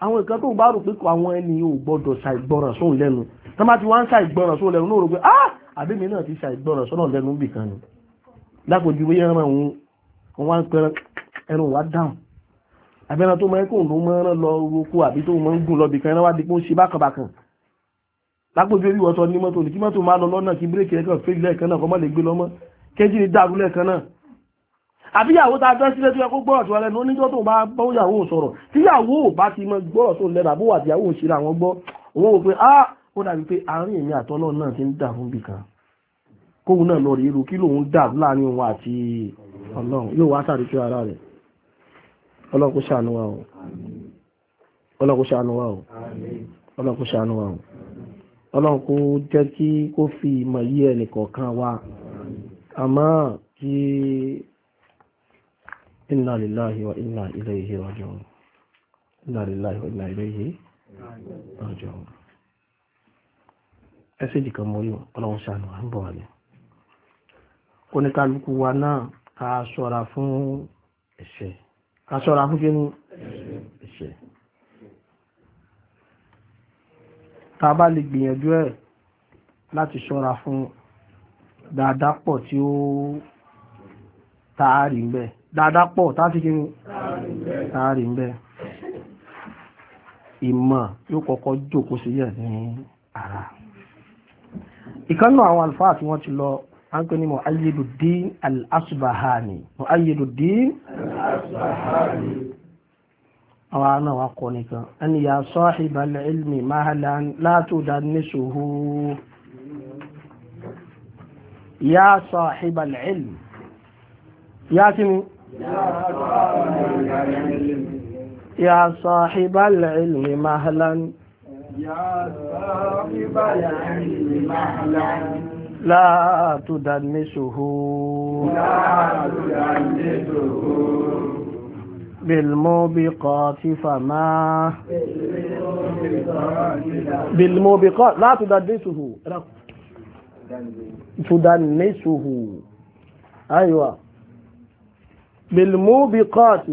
àwọn nǹkan tóun bá rò pé kò àwọn ẹni ò gbọ́dọ̀ ṣàìgbọràn sóun lẹ́nu tó má ti wá ń ṣàìgbọràn sóun lẹ́nu náà rò pé áá wá dáhùn àbẹ́ran tó máa ń kóun ló máa ń lọ roko àbí tó máa ń gùn lọ́bì kan wá di pé ó ṣe bákan bákan lápòjú orí wọ́n sọ ní mọ́tò ní kí mọ́tò máa lọ lọ́nà kí bírèkì rẹ̀ kàn fèjì lẹ́ẹ̀kan náà kọ́ mọ́ lè gbé lọ́mọ́ kéjì ní dàrú lẹ́ẹ̀kan náà àbí ìyàwó ta fẹ́ sílẹ̀ tó yẹ kó gbọ́rọ̀ tó ẹlẹ́nu oníjọ́ tó bá bọ́ ìyàwó sọ̀rọ̀ tí ìyàwó bá ti mọ gbọ́rọ̀ tó lẹ́nu àbúwà tí ìyàwó ṣe àwọn gbọ́ òun ò pé á ah! ó dàbí pé àárín èmi àtọ́lọ́ náà ti ń dà fún bì kan kóun náà lọ rí irú kí lòun dà láàrin òun àti ọlọ́run yóò wá sàrí ara rẹ̀ ọlọ́run kó ṣàánú wa o ọlọ́run kó ṣàánú wa o ọlọ́run kó ṣàánú jẹ́ kí kó fi ìmọ̀ yí ẹnìkọ̀ọ̀kan wa àmọ́ kí inna lillahi wa inna ilayhi raji'un inna lillahi wa inna ilayhi raji'un ẹsẹ̀ ìdìkan mọ́ yóò ọlọ́run ṣàánú wa ń bọ̀ wà ní oníkálukú wa náà ká ṣọ́ra fún ẹ̀ṣẹ̀ ká fún kí ní ẹ̀ṣẹ̀ tá bá lè gbìyànjú ẹ̀ láti ṣọ́ra fún dáadáa pọ̀ tí ó taari ń dáadáa pọ̀ táti kí ní taari ń ìmọ̀ yóò kọ́kọ́ jókòó sí yẹ̀ ní ara ìkánná àwọn àlùfáà tí wọ́n ti lọ a ń pè ní mọ̀ ayélujáde al mọ̀ ayélujáde أصبحاني أو أنا أن يا صاحب العلم مهلا لا تدنسه يا صاحب العلم يا كمي يا صاحب العلم يا صاحب العلم مهلا يا صاحب العلم مهلا لا تدنسه لا تدنسه بالموبقات فما بالموبقات لا تدنسه تدنسه أيوة بالموبقات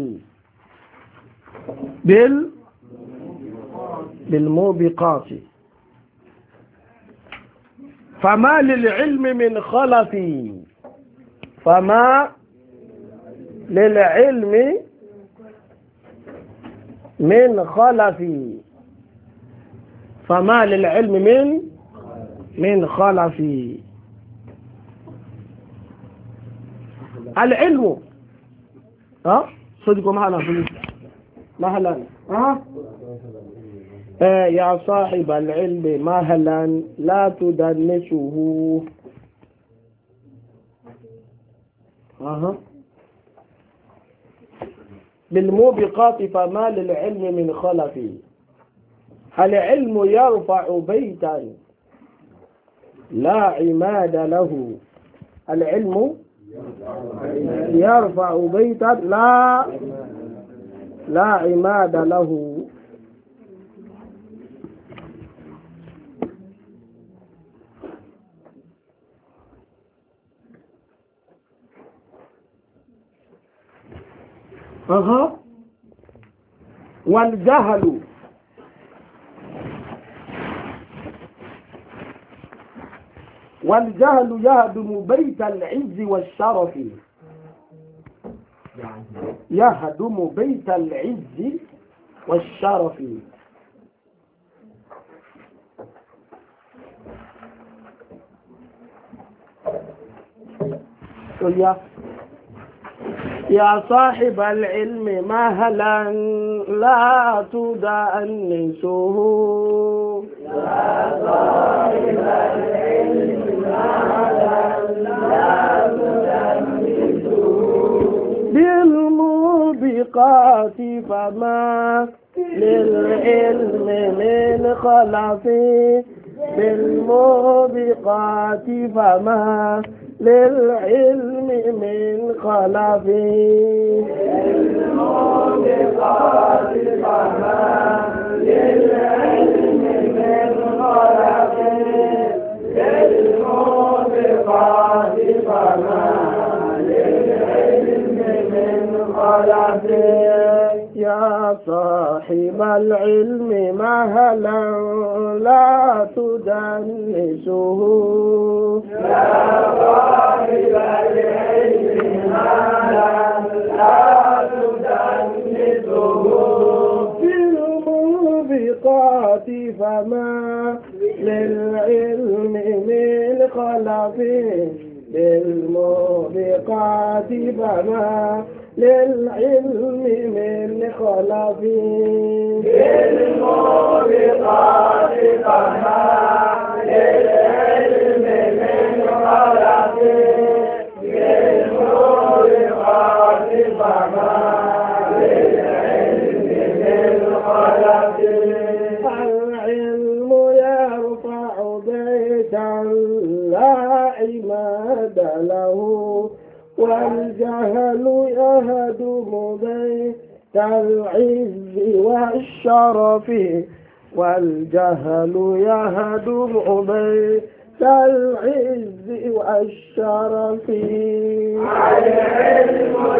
بال بالموبقات فما للعلم من خلف فما للعلم من خلف فما للعلم من من خلف العلم ها صدقوا ما هلا ما هلا ها إيه، يا صاحب العلم مهلا لا تدنسه أه. بالموبقات فما للعلم من خلفي العلم يرفع بيتا لا عماد له العلم يرفع بيتا لا لا عماد له أها والجهل والجهل يهدم بيت العز والشرف يهدم بيت العز والشرف قل يا صاحب العلم مهلا لا تدأنسه يا صاحب العلم مهلا لا بالموبقات فما للعلم من خلاص بالموبقات فما للعلم من خلف للعلم من خلف للموبقات فما للعلم من خلف صاحب العلم مهلا لا تدنسه يا صاحب العلم مهلا لا تدنسه في فما للعلم من خلف للموبقات فما للعلم من خلفي للموبقات قهار للعلم من خلفي العلم يرفع بيتا لا عماد له والجهل يهدم بيت العز والشرف والجهل يهدم بيت العز والشرف العلم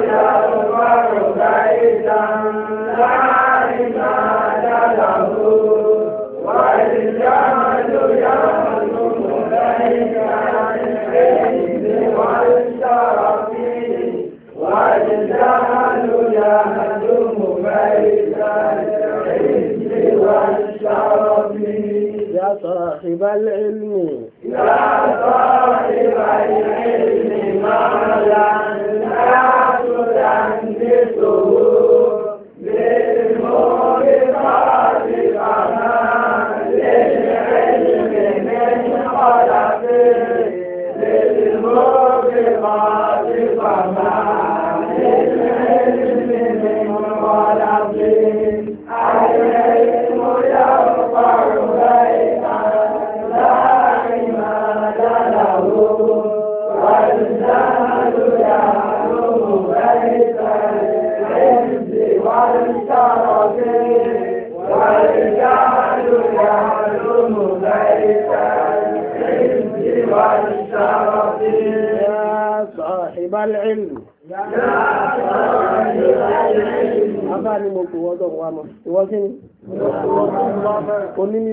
يغفر بيتا لا عماد له والجهل يهدم بيتا العلم والشرف والجهل يهدم بيت العلم والشرف يا صاحب العلم يا صاحب العلم ما لنا تدنسه بالمغفرات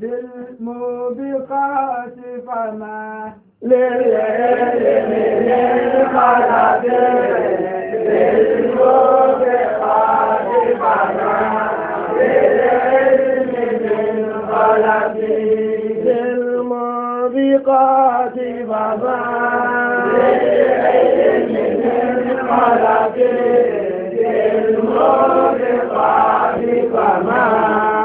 بالموبقات فما للعلم للخلق بالموبقات فما للعلم للخلق بالموبقات فما للعلم للخلق بالموبقات فما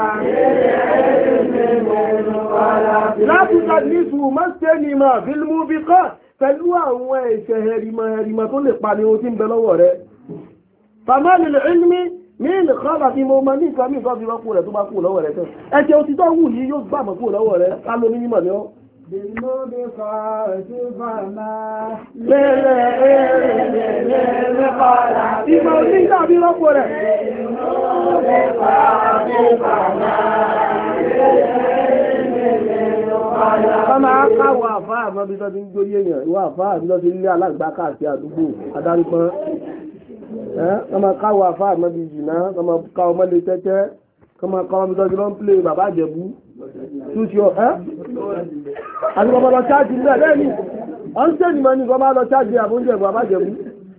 láti tàbílìsù mọ́sẹ́nìmọ̀ bílmú bí kọ́ pẹ̀lú àwọn ẹ̀ṣẹ̀ hẹrìmọ̀ hẹrìmọ̀ tó lè pa ní ohun tí ń bẹ lọ́wọ́ rẹ̀ pàmọ́lì ìlmi ní ìlẹ̀kọ́lá tí mo máa ní nǹkan mí ìtọ́jú rọ́pò rẹ̀ tó bá kú wọ́n máa káwọ́ àfáà mọ́ bí tó ti ń gbórí èèyàn ìwọ́ àfáà bí tó ti ń lé alágbá káàkiri àdúgbò adárípọ́n wọ́n máa káwọ́ àfáà mọ́ bí jìnnà wọ́n máa káwọ́ mọ́lé tẹ́tẹ́ wọ́n máa káwọ́ bí tó ti lọ́n pílé bàbá àjẹ̀bú túnṣe ọ̀hẹ́ àti bàbá lọ ṣáàjì náà lẹ́yìn ọ̀nṣẹ́ ìmọ̀ ni bàbá lọ ṣáàjì àbújẹ̀ bàbá àjẹ̀bú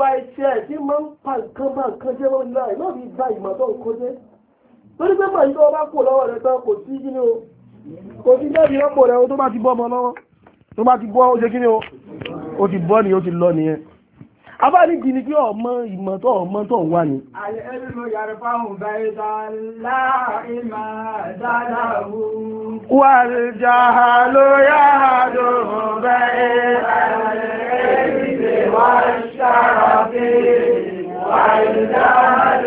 ìwà ẹ̀ṣẹ̀ tí máa ń pa nǹkan bá nǹkan jẹ́ wọn láì náà fi gba ìmọ̀ tó ń kó jẹ́ torí pé màá yí tó bá kò lọ́wọ́ rẹ̀ tán kò sí kí ni o kò sí jẹ́ ìrọ́pò rẹ̀ o tó bá ti bọ́ ọmọ lọ́wọ́ tó bá ti bọ́ ó ṣe kí ni o ó ti bọ́ ni ó ti lọ nìyẹn abáni jì ní kí ọmọ ìmọ̀ tó ọmọ tó ń wá ni. àlẹ́lùmọ̀ yàrá fáwọn báyìí sálá ìmọ̀ dáláwù. wàlùjá ló والجهل يهزم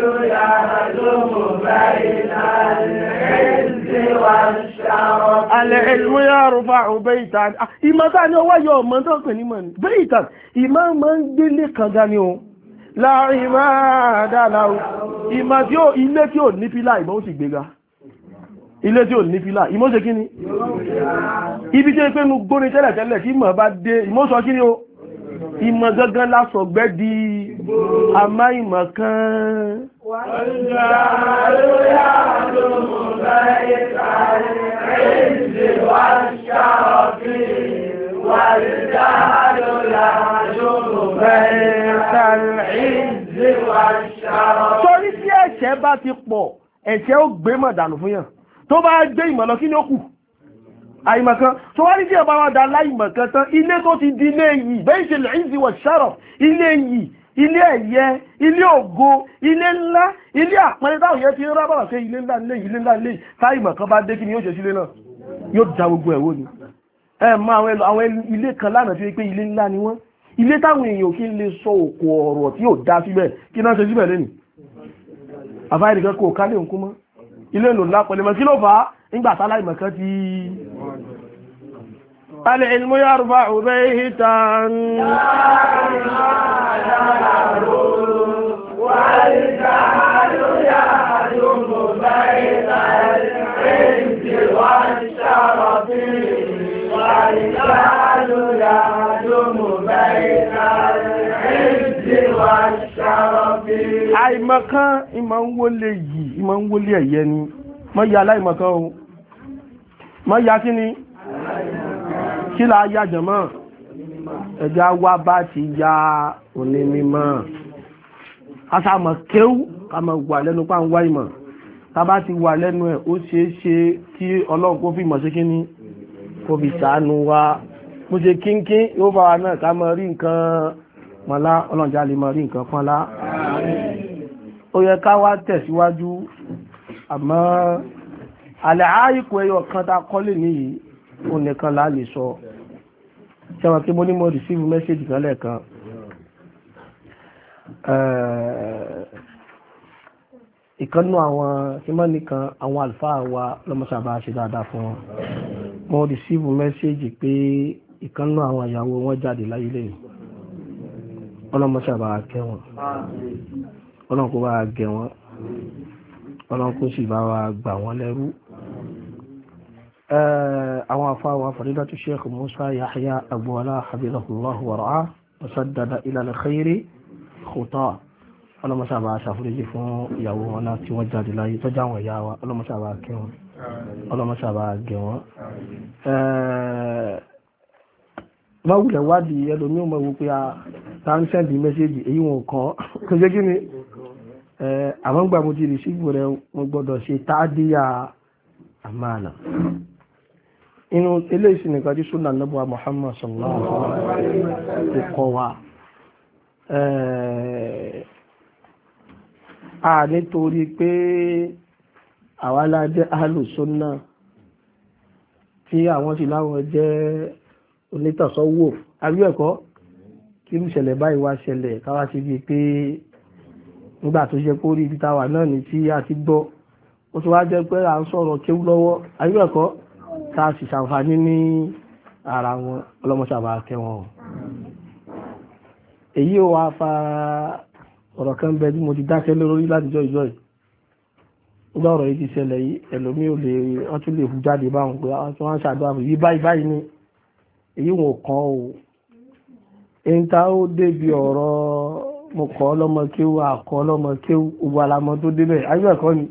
بين العز والشرف العلم يرفع بيتا ìmọ̀ tá ni ọwọ́ yóò mọ̀ tó pè ní mọ̀ ní bíìtà ìmọ̀ máa ń gbélé kan ga ni o láàrin máa dára o ìmọ̀ tí ó ilé tí ò ní pílà ìmọ̀ ó sì gbéga ilé tí ò ní fílà ìmọ̀ ṣe ibi tí ó ìmọ̀ gángan lásọ̀gbẹ́ di àmá ìmọ̀ kan. Sọ́rí tí ẹ̀ṣẹ̀ bá ti pọ̀, ẹ̀ṣẹ̀ ó gbé mọ̀ dànù fún yàn. Tó bá gbé ìmọ̀ lọ kí ni ó kù? àìmọ̀kan tó wá ní tí ẹ̀bá wá dá láìmọ̀kan tán ilé tó ti di ilé yìí bẹ́ẹ̀ ṣe lè ń ti wọ̀ ilé yìí ilé ẹ̀yẹ ilé ògo ilé ńlá ilé àpẹẹrẹ táwọn yẹn ti ń rábàrà pé ilé ńlá ilé ilé ńlá ilé táìmọ̀kan bá dé kí ni yóò ṣe sílé náà yóò da gbogbo ẹ̀wọ́ ni ẹ mọ àwọn ilé kan lánàá fi pé ilé ńlá ni wọ́n ilé táwọn èèyàn kí lè sọ òkò ọ̀rọ̀ tí yóò dá síbẹ̀ kí náà ṣe síbẹ̀ lẹ́nu àbáyé nìkan kò kálé òǹkú mọ́ ilé ìlú ńlá pẹ̀lú mọ̀ kí ló fà á nígbà tálá ìmọ̀kan ti العلم يرفع به تان والجهل يهدم بين العز والشرف والجهل يهدم بين العز àìmọ̀kan ìmọ̀ ń wólé yìí ìmọ̀ ń wólé ẹ̀yẹ ni mọ́ ya aláìmọ̀kan o mọ́ ya kí ni kí la ya jẹ̀mọ́ ẹ̀já wá bá ti ya òní mímọ́ aṣàmọ̀ kéwú kàmọ̀ wà lẹ́nu pa ń wá ìmọ̀ tàbá ti wà lẹ́nu ẹ̀ ó ṣeé ṣe kí ọlọ́run kó fi ìmọ̀ ṣe kí ni kó fi ṣàánú wa mo ṣe kínkín yóò bá wa náà ká mọ rí nǹkan pọ́nlá ọlọ́njà lè mọ̀ rí nǹkan pọ́nlá ó yẹ ká wá tẹ̀síwájú àmọ́ àlẹ́ àìkú ẹyọ kan tá a kọ́lé nìyí ó nìkan là lè sọ ṣẹ́wọ̀n tí mo ní mo rìsíìfù mẹ́sẹ̀jì kan lẹ́ẹ̀kan ìkannú àwọn símọ́nì kan àwọn àlùfáà wa lọ́mọ́sàbá ṣe dáadáa fún wọn mo rìsíìfù mẹ́sẹ̀jì pé ìkannú àwọn ìyàwó wọn jáde láyé lẹ́yìn ọlọ́mọṣà bá kẹ́ wọn ọlọ́nkó bá gẹ̀ wọn ọlọ́nkó sì bá wa gbà wọn lẹ́rú àwọn afáwà fàdídàtú sheikh musa yahya agboola habibullah wara'a musaddada ilal khairi khuta ọlọ́mọṣà bá ṣàforíjì fún ìyàwó wọn náà tí wọ́n jáde láyé tọ́jú àwọn ìyá wa ọlọ́mọṣà bá kẹ́ wọn ọlọ́mọṣà bá gẹ̀ wọn má wulẹ̀ wádìí ẹlòmí ò mọ̀ wò pé ta ń sẹ́ndì mẹ́sẹ́jì èyí wọn kàn kò ṣe kí ni àwọn gbà mo ti rì sígbò rẹ mo gbọ́dọ̀ ṣe tádíyà àmàlà inú eléyìí nìkan tí súnà nàbọ̀ Muhammad sallallahu alaihi wa sallam ti kọ́ wa a nítorí pé àwa la jẹ́ ahlus tí àwọn sì láwọn jẹ́ onítọ̀sọ́ wò àbí ẹ̀kọ́ kí irú ìṣẹ̀lẹ̀ báyìí wá ṣẹlẹ̀ káwá ṣe bíi pé nígbà tó ṣe kó rí ibi táwa náà ní tí a ti gbọ́ ó ti wá jẹ́ pé à ń sọ̀rọ̀ kéwú lọ́wọ́ àbí ẹ̀kọ́ tá a sì ṣàǹfààní ní ara wọn ọlọ́mọṣàbà kẹ́ wọn o èyí ò wá fa ọ̀rọ̀ kan bẹ bí mo ti dákẹ́ lórí látijọ́ ìjọ yìí nígbà ọ̀rọ̀ yìí ti ṣẹlẹ̀ yìí ẹlòmíì ò lè ọtún lè hù jáde báwọn pé wọ́n ṣàdúrà fún yìí báyìí báyìí ni èyí wọn ò kàn o èyí tá ó débi ọ̀rọ̀ mo kọ́ ọlọ́mọ kéwú àkọ́ ọlọ́mọ kéwú gbogbo alamọ tó débẹ̀ ayé ẹ̀kọ́ ni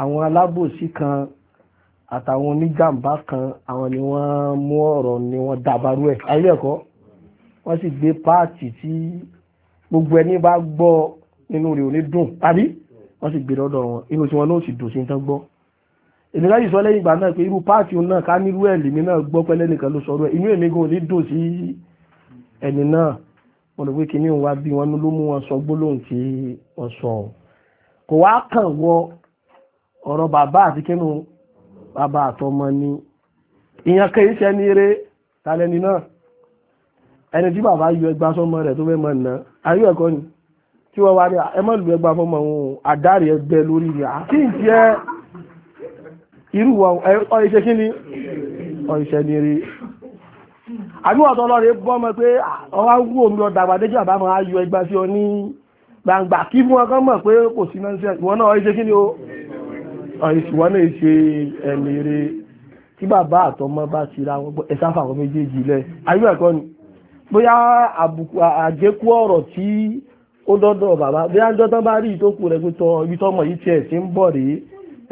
àwọn alábòsí kan àtàwọn oníjàmbá kan àwọn ni wọ́n mú ọ̀rọ̀ ni wọ́n dàbàrú ẹ̀ ayé ẹ̀kọ́ wọ́n sì gbé páàtì tí gbogbo ẹni bá gbọ́ nínú rẹ̀ ò ní dùn tàbí wọ́n sì gbé lọ́dọ̀ wọn inú tí náà sì dùn sí ní tán gbọ́ èmi láyìí sọ lẹ́yìn ìgbà náà pé irú páàkì náà ká nírú ẹ̀ lèmi náà gbọ́ pé lẹ́nìkan ló sọ̀rọ̀ inú èmi gan ní dùn sí ẹni náà mo rò pé kíní wa bí wọn ló mú wọn sọ gbólóhùn tí wọn sọ kò wá kàn wọ ọ̀rọ̀ bàbá àti kínú bàbá àtọmọ ni ìyẹn kẹ́ iṣẹ́ ní eré tàlẹ́ni náà ẹni tí bàbá yọ ẹgbà sọmọ rẹ̀ tó fẹ́ mọ̀ náà ayé ẹ̀kọ́ ni tí wọ́n wá rí ẹ irú ọ̀ìṣẹ́ kí ni ọ̀ìṣẹ́ ni rí àdúwọ̀tọ̀ ọlọ́rẹ̀ bọ́mọ pé ọwá wú omi ọ̀dà àgbàdéjì àbámọ̀ ayọ̀ ẹgbà sí ọ ní gbangba kí fún ọkàn mọ̀ pé kò sí nọ́ńsẹ̀ ìwọ náà ọ̀ìṣẹ́ kí ni o ìwọ náà ṣe ẹ̀mí rí tí bàbá àtọmọ bá ti ra wọn ẹ̀sá fàwọn méjèèjì lẹ̀ ayé ẹ̀kọ́ ni bóyá àbùkù àgékú ọ̀rọ̀ tí ó dọ́dọ̀ bàbá bóyá ń jọ́ tán bá rí ìtókù rẹ̀ pé ibi tọmọ yìí tiẹ̀ sí ń bọ̀ rèé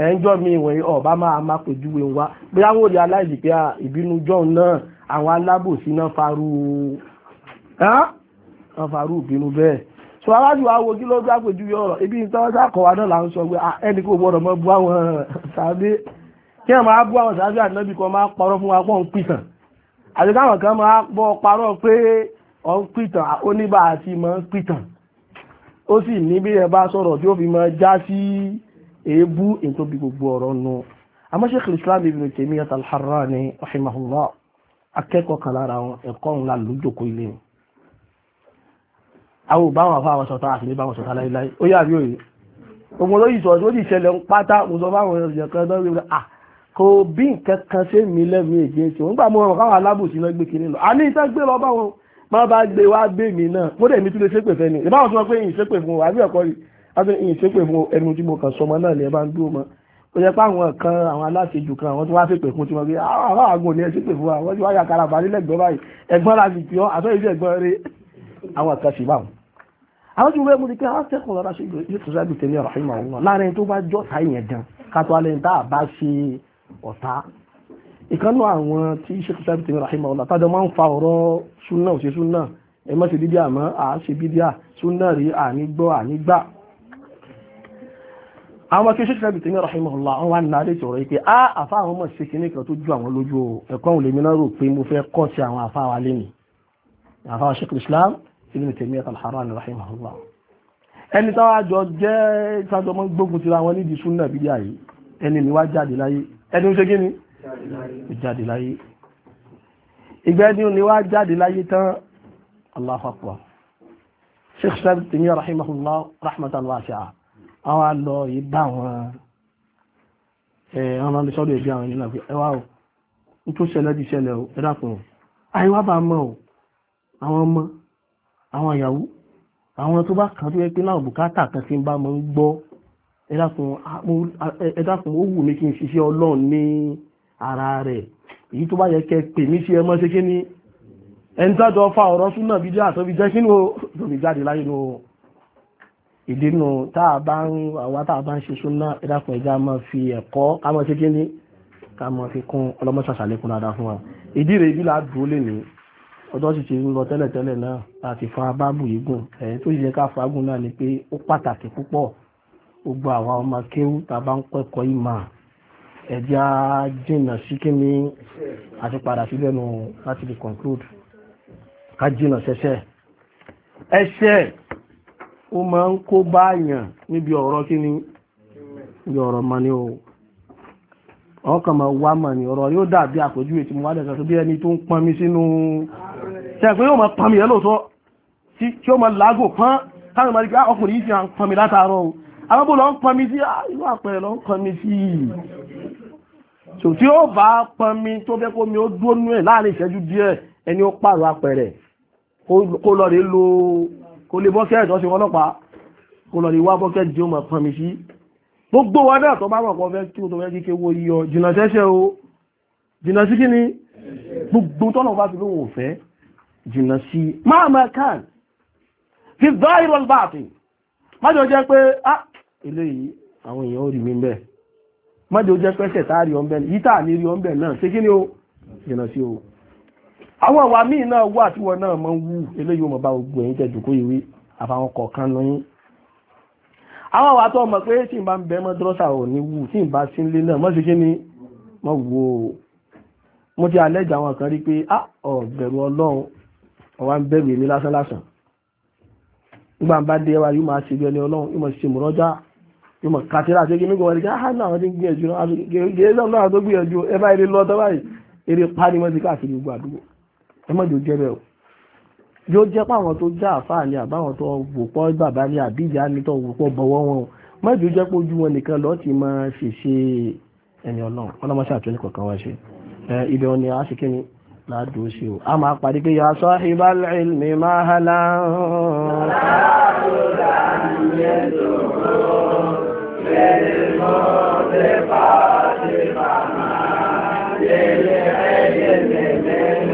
ẹ̀ńjọ́ mi ìwọ̀n ọ̀bá máa máa pèjúwe wa bóyá wọ́n rí aláìsí pé ìbínú jọ́un náà àwọn alábòsí náà farú náà farú ìbínú bẹ́ẹ̀ so aláàjù wa wo kí ló gbá pèjúwe ọ̀rọ̀ ibi ìtọ́wọ́ sákọ̀wá náà là ń sọ pé ẹni kò gbọ́dọ̀ mọ́ bú àwọn sàbí kí wọ́n máa bú àwọn sàbí ànábì kan máa parọ́ fún wa pọ̀ ń pìtàn àti káwọn kan máa bọ́ parọ́ pé ọ̀ ń pìtàn oníbà àti mọ́ ń pìtàn ó sì ní bí ẹ bá sọ̀rọ̀ tí ó fi mọ́ já sí èébú èyí tó bí gbogbo ọ̀rọ̀ nù àmọ́ Sheikh al-Islam Ibn Taymiyyah al-Harrani akẹ́kọ̀ọ́ kan lára wọn ẹ̀kọ́ òun la lójókò ilé wọn àwọn òbá wọn àfáwọn sọ̀tọ̀ àti ní báwọn sọ̀tọ̀ láíláí ó yà bí òye ogun lóyìn sọ̀rọ̀ tó ti ṣẹlẹ̀ ń pátá mo sọ fáwọn èèyàn kan lọ́wọ́ ìwé à kò bí nǹkan kan ṣe mí lẹ́mí èdè ṣe wọ́n gbà mọ́ ọ̀rọ̀ káwọn alábòsí náà gbé kiri lọ àní iṣẹ́ gbé lọ báwọn má bá gbé wá gbé mi náà mo dẹ̀ mi tún lè fẹ́ ni ìbáwọn tí pé ìṣépè fún wa àbí ẹ̀kọ́ rí látọ̀ ìyìn ṣépè fún ẹnu tí mo kàn sọmọ náà lẹ́ẹ̀ bá ń dúró mọ́ ó yẹ pé àwọn kan àwọn aláṣejù kan àwọn tó wá ṣépè fún tiwọn pé ah, àwọn àgùn ni ẹ ṣépè fún wa wọ́n ti wá yà kára bàálí lẹ́gbọ́n báyìí ẹ̀gbọ́n la sì fi ọ́ àtọ́ ìṣe ẹ̀gbọ́n rẹ àwọn kan sì bá wọn. àwọn tí wọ́n mú ti kí wọ́n sẹ́kùn lọ́ra ṣe yóò sábì tẹ̀lé a bá ṣe ọ̀tá. ìkànnù àwọn ẹ má ṣe bídíà mọ́ à ṣe bídíà súnà rí ànígbọ́ ànígbà àwọn kí ṣe ṣẹ́bì tí ní rahimahullah àwọn wà náà lè sọ̀rọ̀ ike a ah, àfa àwọn ọmọ ṣe kìíní kan tó ju àwọn lójú ẹ̀kọ́ òun lèmi náà rò pé mo fẹ́ kọ́ sí àwọn àfa wa lẹ́nu àfa wa sheikh islam ibn Taymiyyah al-Harrani rahimahullah ẹni táwa jọ jẹ́ ìtajọ́ mọ́ gbógun tira wọn nídìí súnà bíbí àyè ẹni ni wá jáde láyé ẹni ń ṣe kí jáde láyé ìgbẹ́ ni ni wá jáde láyé tán Allahu akbar sheikh islam Taymiyyah rahimahullah rahmatan wasi'a àwọn lọ ìbá àwọn ọmọ mi sọ́dọ̀ ìbí àwọn ènìyàn pé ẹwà o n tó ṣẹlẹ̀ ti ṣẹlẹ̀ o ẹ dákun o àìwá bá mọ́ o àwọn ọmọ àwọn ìyàwó àwọn tó bá kàn tó yẹ pé láwọn bùkátà kan ti ń bá mọ́ ń gbọ́ ẹ dákun ó wù mí kí n ṣiṣẹ́ ọlọ́run ní ara rẹ̀ èyí tó bá yẹ kẹ pè mí sí ẹ mọ́ ṣe kí ni ẹni tó jọ fa ọ̀rọ̀ súnà bíi jẹ́ àtọ́bí jẹ́ kí ni o tó fi jáde láyé nu o ìdínú tá a bá ń àwa tá a bá ń ṣe súnná ìdákun ìjà máa fi ẹ̀kọ́ ká máa ṣe kíní ká máa fi kún ọlọ́mọṣàṣà lẹ́kùn dáadáa fún wa ìdí rẹ̀ ibi là dúró lè ní ọjọ́ sì ti ń lọ tẹ́lẹ̀tẹ́lẹ̀ náà láti fa báàbù yìí gùn ẹ̀yìn tó yẹ ká fagùn náà ni pé ó pàtàkì púpọ̀ gbogbo àwa ọmọ kéwú tá a bá ń kẹ́kọ̀ọ́ ìmọ̀ ẹ̀já jìnnà sí kíní àti padà sí lẹ́nu láti ó máa ń kó báyàn níbi ọ̀rọ̀ kí ni níbi ọ̀rọ̀ mọ̀ ni o ọkàn máa wá mọ̀ ní ọ̀rọ̀ yóò dàbí àpèjúwe tí mo wá dẹ̀sẹ̀ tó bí ẹni tó ń pọn mi sínú ṣe pé yóò máa pọn mi yẹn lóòótọ́ tí yóò máa lágò pọ́n táwọn máa rí pé ah, ọkùnrin yìí ti ń pọn mi látàárọ̀ o àwọn bó lọ ń pọn mi sí ah, irú àpẹẹrẹ lọ ń pọn mi sí so tí ó bá pọn mi tó fẹ́ kó mi ó dúró kò lè bọ́kẹ́ẹ̀tì ọ̀sìn ọlọ́pàá kò lọ lè wá bọ́kẹ́ẹ̀tì tí ó mọ̀ pọnmi sí gbogbo wa náà tó bá mọ̀ kọ́ fẹ́ kí o tó fẹ́ kíkẹ́ wo yíyọ jìnnà sẹ́sẹ́ o jìnnà sí kí ni gbogbo tọ́nà bá fi lóhun òfẹ́ jìnnà sí máa máa kàn fi viral bàtì májọ jẹ́ pé ah eléyìí àwọn èèyàn ò rí mi bẹ́ẹ̀ májọ jẹ́ pé ṣẹ̀tà rí ọ́n bẹ́ẹ̀ yíta ní rí ọ́n bẹ́ẹ̀ náà ṣé kí ni o jìnnà sí o àwọn àwa míì náà wà tí wọn náà máa ń wú eléyìí ọmọ bá gbogbo ẹ̀yìn jẹ́ jòkó ìwé àfàwọn kọ̀ọ̀kan lọ́yìn àwọn àwa tó mọ̀ pé tí n bá ń bẹ mọ́ dọ́sà ò ní wù tí n bá sí ilé náà mọ́ sí kí ni mọ́ wò ó mo ti àlẹ́jà àwọn kan rí pé á ọ̀bẹ̀rù ọlọ́run ọ̀wá ń bẹ̀rù èmi lásán lásán nígbà bá dé wa yóò máa ṣe bí ẹni ọlọ́run yóò máa ṣe mọ̀rọ́jà yóò máa kàtírà àti ẹgbẹ́ nígbà wọn rí ká náà wọn ti ń gbìyànjú náà àti gẹ́gẹ́ náà tó gbìyànjú ẹ bá eré lọ́tọ́ báyìí eré pa ni wọ́n ti káàkiri gbogbo àdúgbò ẹ mọ́jọ jẹ́ bẹ́ẹ̀ o yóò jẹ́ pàwọn tó já àfáà ni àbáwọn tó wò pọ́ bàbá ni àbí ìyá ni tó wò pọ́ bọ̀wọ́ wọn o mọ́jọ jẹ́ pé ojú wọn nìkan lọ́ọ́ ti máa ṣèṣe ẹni ọlọ́run ọlọ́mọṣẹ́ àtúnyẹ̀ kọ̀ọ̀kan wá ṣe ibẹ̀ wọn ni a ṣe kíni ládùú sí o a máa parí pé ya sahibal ilmi mahala Thank you.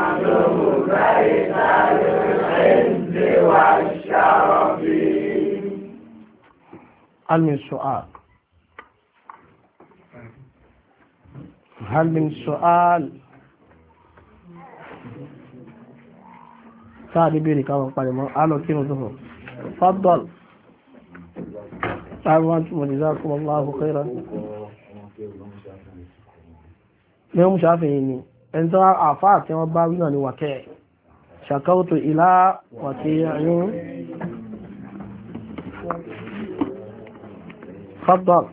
هل من سؤال هل من سؤال سعد بيري كما قال ما قالوا كينو دفو فضل I want to jazakum Allah khairan يوم شافيني ẹni tó àfáà tí wọ́n bá wíwọ̀n ní wàkẹ́ ṣàkóòtò ìlà wàkẹ́ ẹ̀yìn fọ́tọ̀l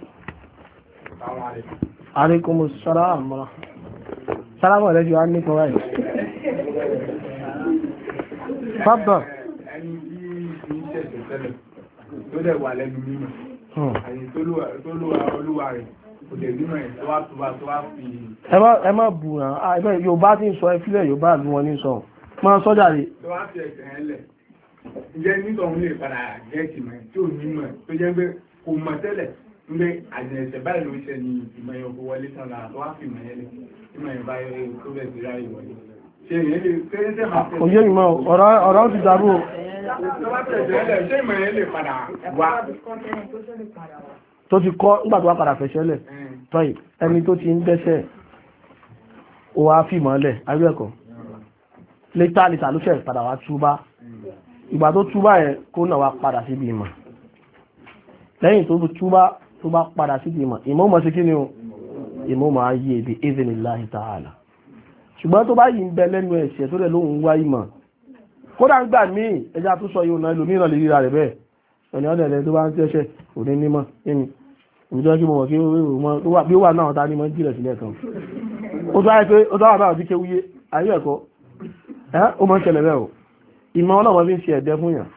àríkùnmù sára àmọ́ra sára lẹ́jọ́ á ní kọ́wàá yìí fọ́tọ̀l ló dẹ̀ wà lẹ́nu mímọ̀ àyè hmm. tó lúwa ẹ má bù hàn ah, yorùbá tí ń sọ ẹfílẹ̀ yorùbá àbí wọn ní sọ máa sọ́jà rẹ̀. tó wá fi ẹ̀sẹ̀ ẹ̀ lẹ̀ ǹjẹ́ nítorí òun lè padà gẹ́ẹ̀tì mọ̀ tí ò ní mọ̀ tó jẹ́ pé kò mọ̀ tẹ́lẹ̀ ń gbé àjẹsẹ̀ báyìí ló ń ṣe ní ìmọ̀ ẹ̀yọ̀ kó wọlé tán lára tó wá fi mọ̀ ẹ̀lẹ̀ ìmọ̀ ẹ̀bá ẹ̀rẹ́ tó bẹ̀ sí ráyè wọlé. ṣe ìyẹn lè tẹ́lẹ̀ òye ìmọ̀ ọ̀rọ̀ ti dàrú o. tó bá tẹ̀sẹ̀ ẹ̀lẹ̀ ṣé ìmọ̀ ẹ̀ lè padà wá. tó ti kọ́ nígbà tó wá padà fẹ̀ṣẹ̀ lẹ̀ tọ́yì ẹni tó ti ń dẹ́ṣẹ̀ ó wá fi mọ́lẹ̀ abẹ́ẹ̀kọ́ létà létà ló ṣẹ̀ padà wá túbá ìgbà tó túbá yẹn kó náà wá padà síbi ìmọ̀ lẹ́yìn tó túbá tó bá padà síbi ìmọ̀ ìmọ̀ mọ̀ sí kí ni o ìmọ̀ máa yí ebi iznillahi ta'ala ṣùgbọ́n tó bá yìí ń bẹ lẹ́nu ẹ̀ṣẹ̀ tó rẹ̀ lóhun wá ìmọ̀ kódà ń gbà míì ẹja tó sọ yìí ọ̀nà ẹlòmíràn lè ríra rẹ̀ bẹ́ẹ̀ ẹni ọ̀nà ẹ̀rẹ́ tó bá ń tẹ́ṣẹ̀ kò nímọ̀ nínú òjò kí mo mọ̀ kí bí ó wà náà ta ní mọ́ jílẹ̀ sílẹ̀ kan ó tó àìpé ó dáwà náà díké wúyé ayé ẹ̀kọ́ ẹ́ ó mọ́ ń tẹ̀lẹ̀ bẹ́ẹ̀ o ìmọ̀ ọlọ́wọ́ fi ń ṣe ẹ̀dẹ́ fún yàn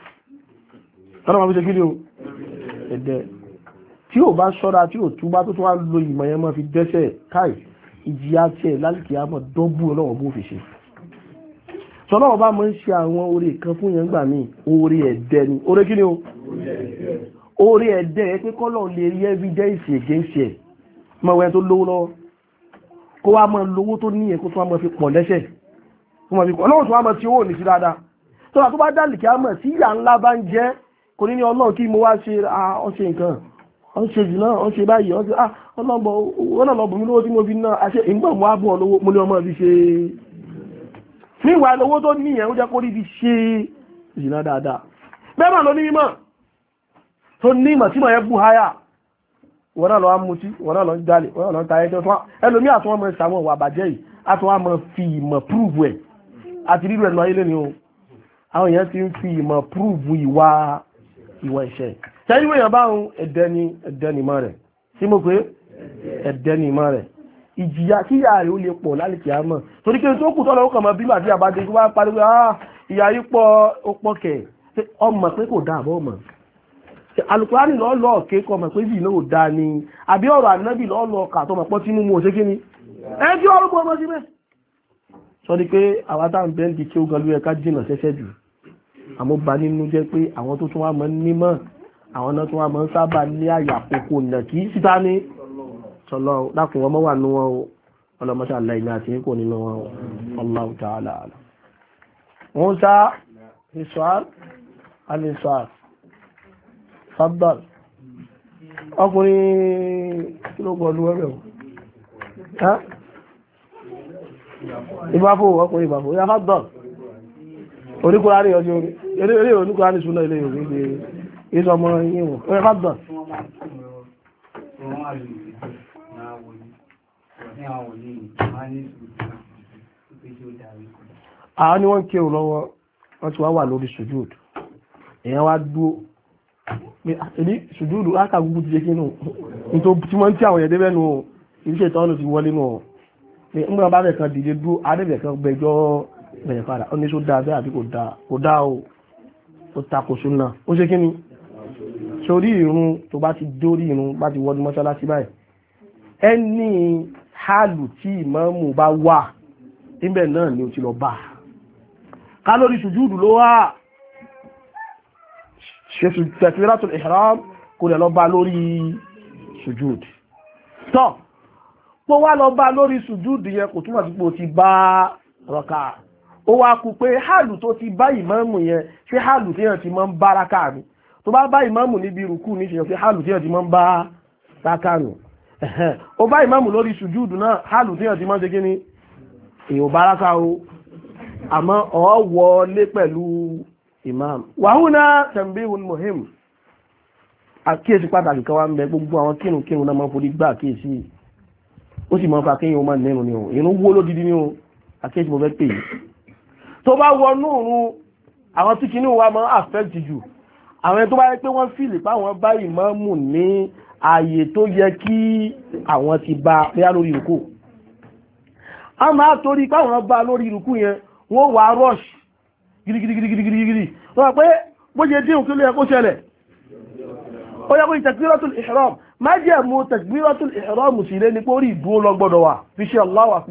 ọlọ́wọ́ fi ṣe kí ni o ẹ̀dẹ́ tí ò bá ṣọ́ra tí ò túbá tó tó wá lo ìmọ̀ yẹn mọ́ fi dẹ́sẹ̀ káì ìjìyà tiẹ̀ lálùkì àmọ́ dọ́bù ọlọ́wọ́ bó fi ṣe sọlọ́wọ́ bá mọ́ ń orí ẹ̀dẹ́ ẹ pé kọ́lọ̀ lè rí evidence against ẹ̀ mọ̀ wẹ́ tó lówó lọ́wọ́ kó wá mọ̀ lówó tó ní ẹ̀kó tó wá mọ̀ fi pọ̀ lẹ́sẹ̀ tó mọ̀ fi pọ̀ lọ́wọ́ tó wá mọ̀ tí owó ní sí dáadáa tó wà tó bá dá lìkẹ́ àmọ̀ tí ìyà ńlá bá ń jẹ́ kò ní ní ọlọ́run kí mo wá ṣe ọṣẹ nǹkan ọṣẹ jù náà ọṣẹ báyìí ọṣẹ ah ọlọ́gbọ̀n ọlọ́gbọ̀n mi ó jẹ́ kó rí fi ṣe ìṣìná dáadáa bẹ́ẹ̀ mà lọ tó ní ìmọ̀ tí mọ̀ yẹn bú háyà wọ́n náà lọ wá mutí wọ́n náà lọ ń jalè wọ́n náà lọ ń ta ẹjọ́ fún ẹlòmí àtúnwọ́n mọ̀ ṣàwọn ìwà àbàjẹ́ yìí àtúnwọ́n mọ̀ fi ìmọ̀ púrùvù ẹ̀ àti rírù ẹ̀nà ayé lẹ́ni o àwọn èèyàn ti ń fi ìmọ̀ púrùvù ìwà ìwà ìṣẹ́ sẹ́yìn èèyàn bá ń ẹ̀dẹ́ni ẹ̀dẹ́ni mọ́ rẹ̀ sí mo pé ẹ̀dẹ́ni mọ́ rẹ̀ ìjìyà kí ìyá rẹ̀ ó lè pọ̀ lálẹ́ kìá mọ̀ torí kí n tó kù tọ́lọ́ kàn mọ́ bímọ àti àbájẹ́ tó bá pariwo ah, ìyá yìí pọ̀ ó pọ̀ kẹ̀ ọmọ pé kò dáàbọ̀ mọ̀ alukurani lọ lọ ọkẹ kọ mọ pé bíi náà ò dáa ni àbí ọ̀rọ̀ ànábì lọ lọ ọkà tó mọ pọ tí mímú òṣèké ni ẹ tí ọrùn bọ ọmọ síbẹ̀. sọ ni pé àwa tá à ń bẹ́ ń di kí ó gan ló yẹ ká jìnà ṣẹ́ṣẹ́ jù àmọ́ bà nínú jẹ́ pé àwọn tó tún wá mọ́ nímọ̀ àwọn náà tún wá mọ́ sábà ní àyà kòkò nà síta ní. sọlọ dákun ọmọ wà nù wọn o ọlọmọṣà láì ní àti kò nínú wọn o Allahu fàbàl ọkùnrin kí ló gbọ́ọ̀lú ẹ̀rẹ̀ o ìbáfò ọkùnrin ìbáfò ya fàbàl oníkùnrin rí ọjọ́ orí eré oníkùnrin rí súnà ilé ìwé ní ìsọmọ yíwọ̀ ya fàbàl àwọn ni wọ́n ń kí o lọ́wọ́ wọ́n ti wá wà lórí sùjúdù èèyàn wá dúó Ah, èdè ṣùdúrù áká gbogbo ti ṣe kí nù nítorí tí wọ́n ń tí àwọn èdè nù o ìṣe ìtọ́nù ti wọlé nù o pé ń gbọ́n bá bẹ̀ kan dìde dúró adébẹ̀ kan gbẹjọ́ bẹ̀rẹ̀ padà ó ní só dáa bẹ́ẹ̀ àbí kò dáa kò dáa o ó takò súnà ó ṣe kí ni sórí ìrun tó bá ti dórí ìrun bá ti wọ́dún mọ́ṣáláṣí báyìí ẹni hálù tí ìmáàmù bá wà níbẹ̀ náà ni ó ti lọ bá a ká lórí sùjúdù ló wà ṣe takbiratul ihram kò lè lọ bá lórí sujúd tọ́ tó wá lọ bá lórí sujúd yẹn kò túmọ̀ sí pé o ti bá rọ̀kà ó wá kú pé hálù tó ti bá ìmáàmù yẹn ṣé hálù tí yẹn ti máa ń bá rákà ni tó bá bá ìmáàmù níbi rùkú ní ṣèyàn hálù tí yẹn ti máa ń bá rákà nù ó bá ìmáàmù lórí sujúd náà hálù tí yẹn ti máa ṣe kíni èèyàn bá rákà o àmọ́ ọ̀ wọlé pẹ̀lú imam wàhúnà tẹ̀m̀bíhùn mohim àkíyèsí pàtàkì kan wá ń bẹ gbogbo àwọn kírunkírun náà máa ń forí gbà àkíyèsí ó sì máa ń fa kéèyàn máa nínú ni o ìrún wó lódìdí ni o àkíyèsí mo fẹ́ pè yìí tó bá wọnú òrun àwọn tí kinní wa máa ń affect jù àwọn tó bá yẹ pé wọ́n fìlì pa àwọn báyìí máa ń mú ní ààyè tó yẹ kí àwọn ti ba pé lórí ìrùkù a máa torí pé àwọn bá lórí ìrùkù yẹn wọ́n wà rush gírígírígírígírí wọ́n pé bó ṣe dín òkú ló kó ṣẹlẹ̀ ó yẹ kó takbiratul ihram má jẹ́ mú takbiratul ihram sí ilé ní pórí ìdúró lọ wà fi ṣe Allahu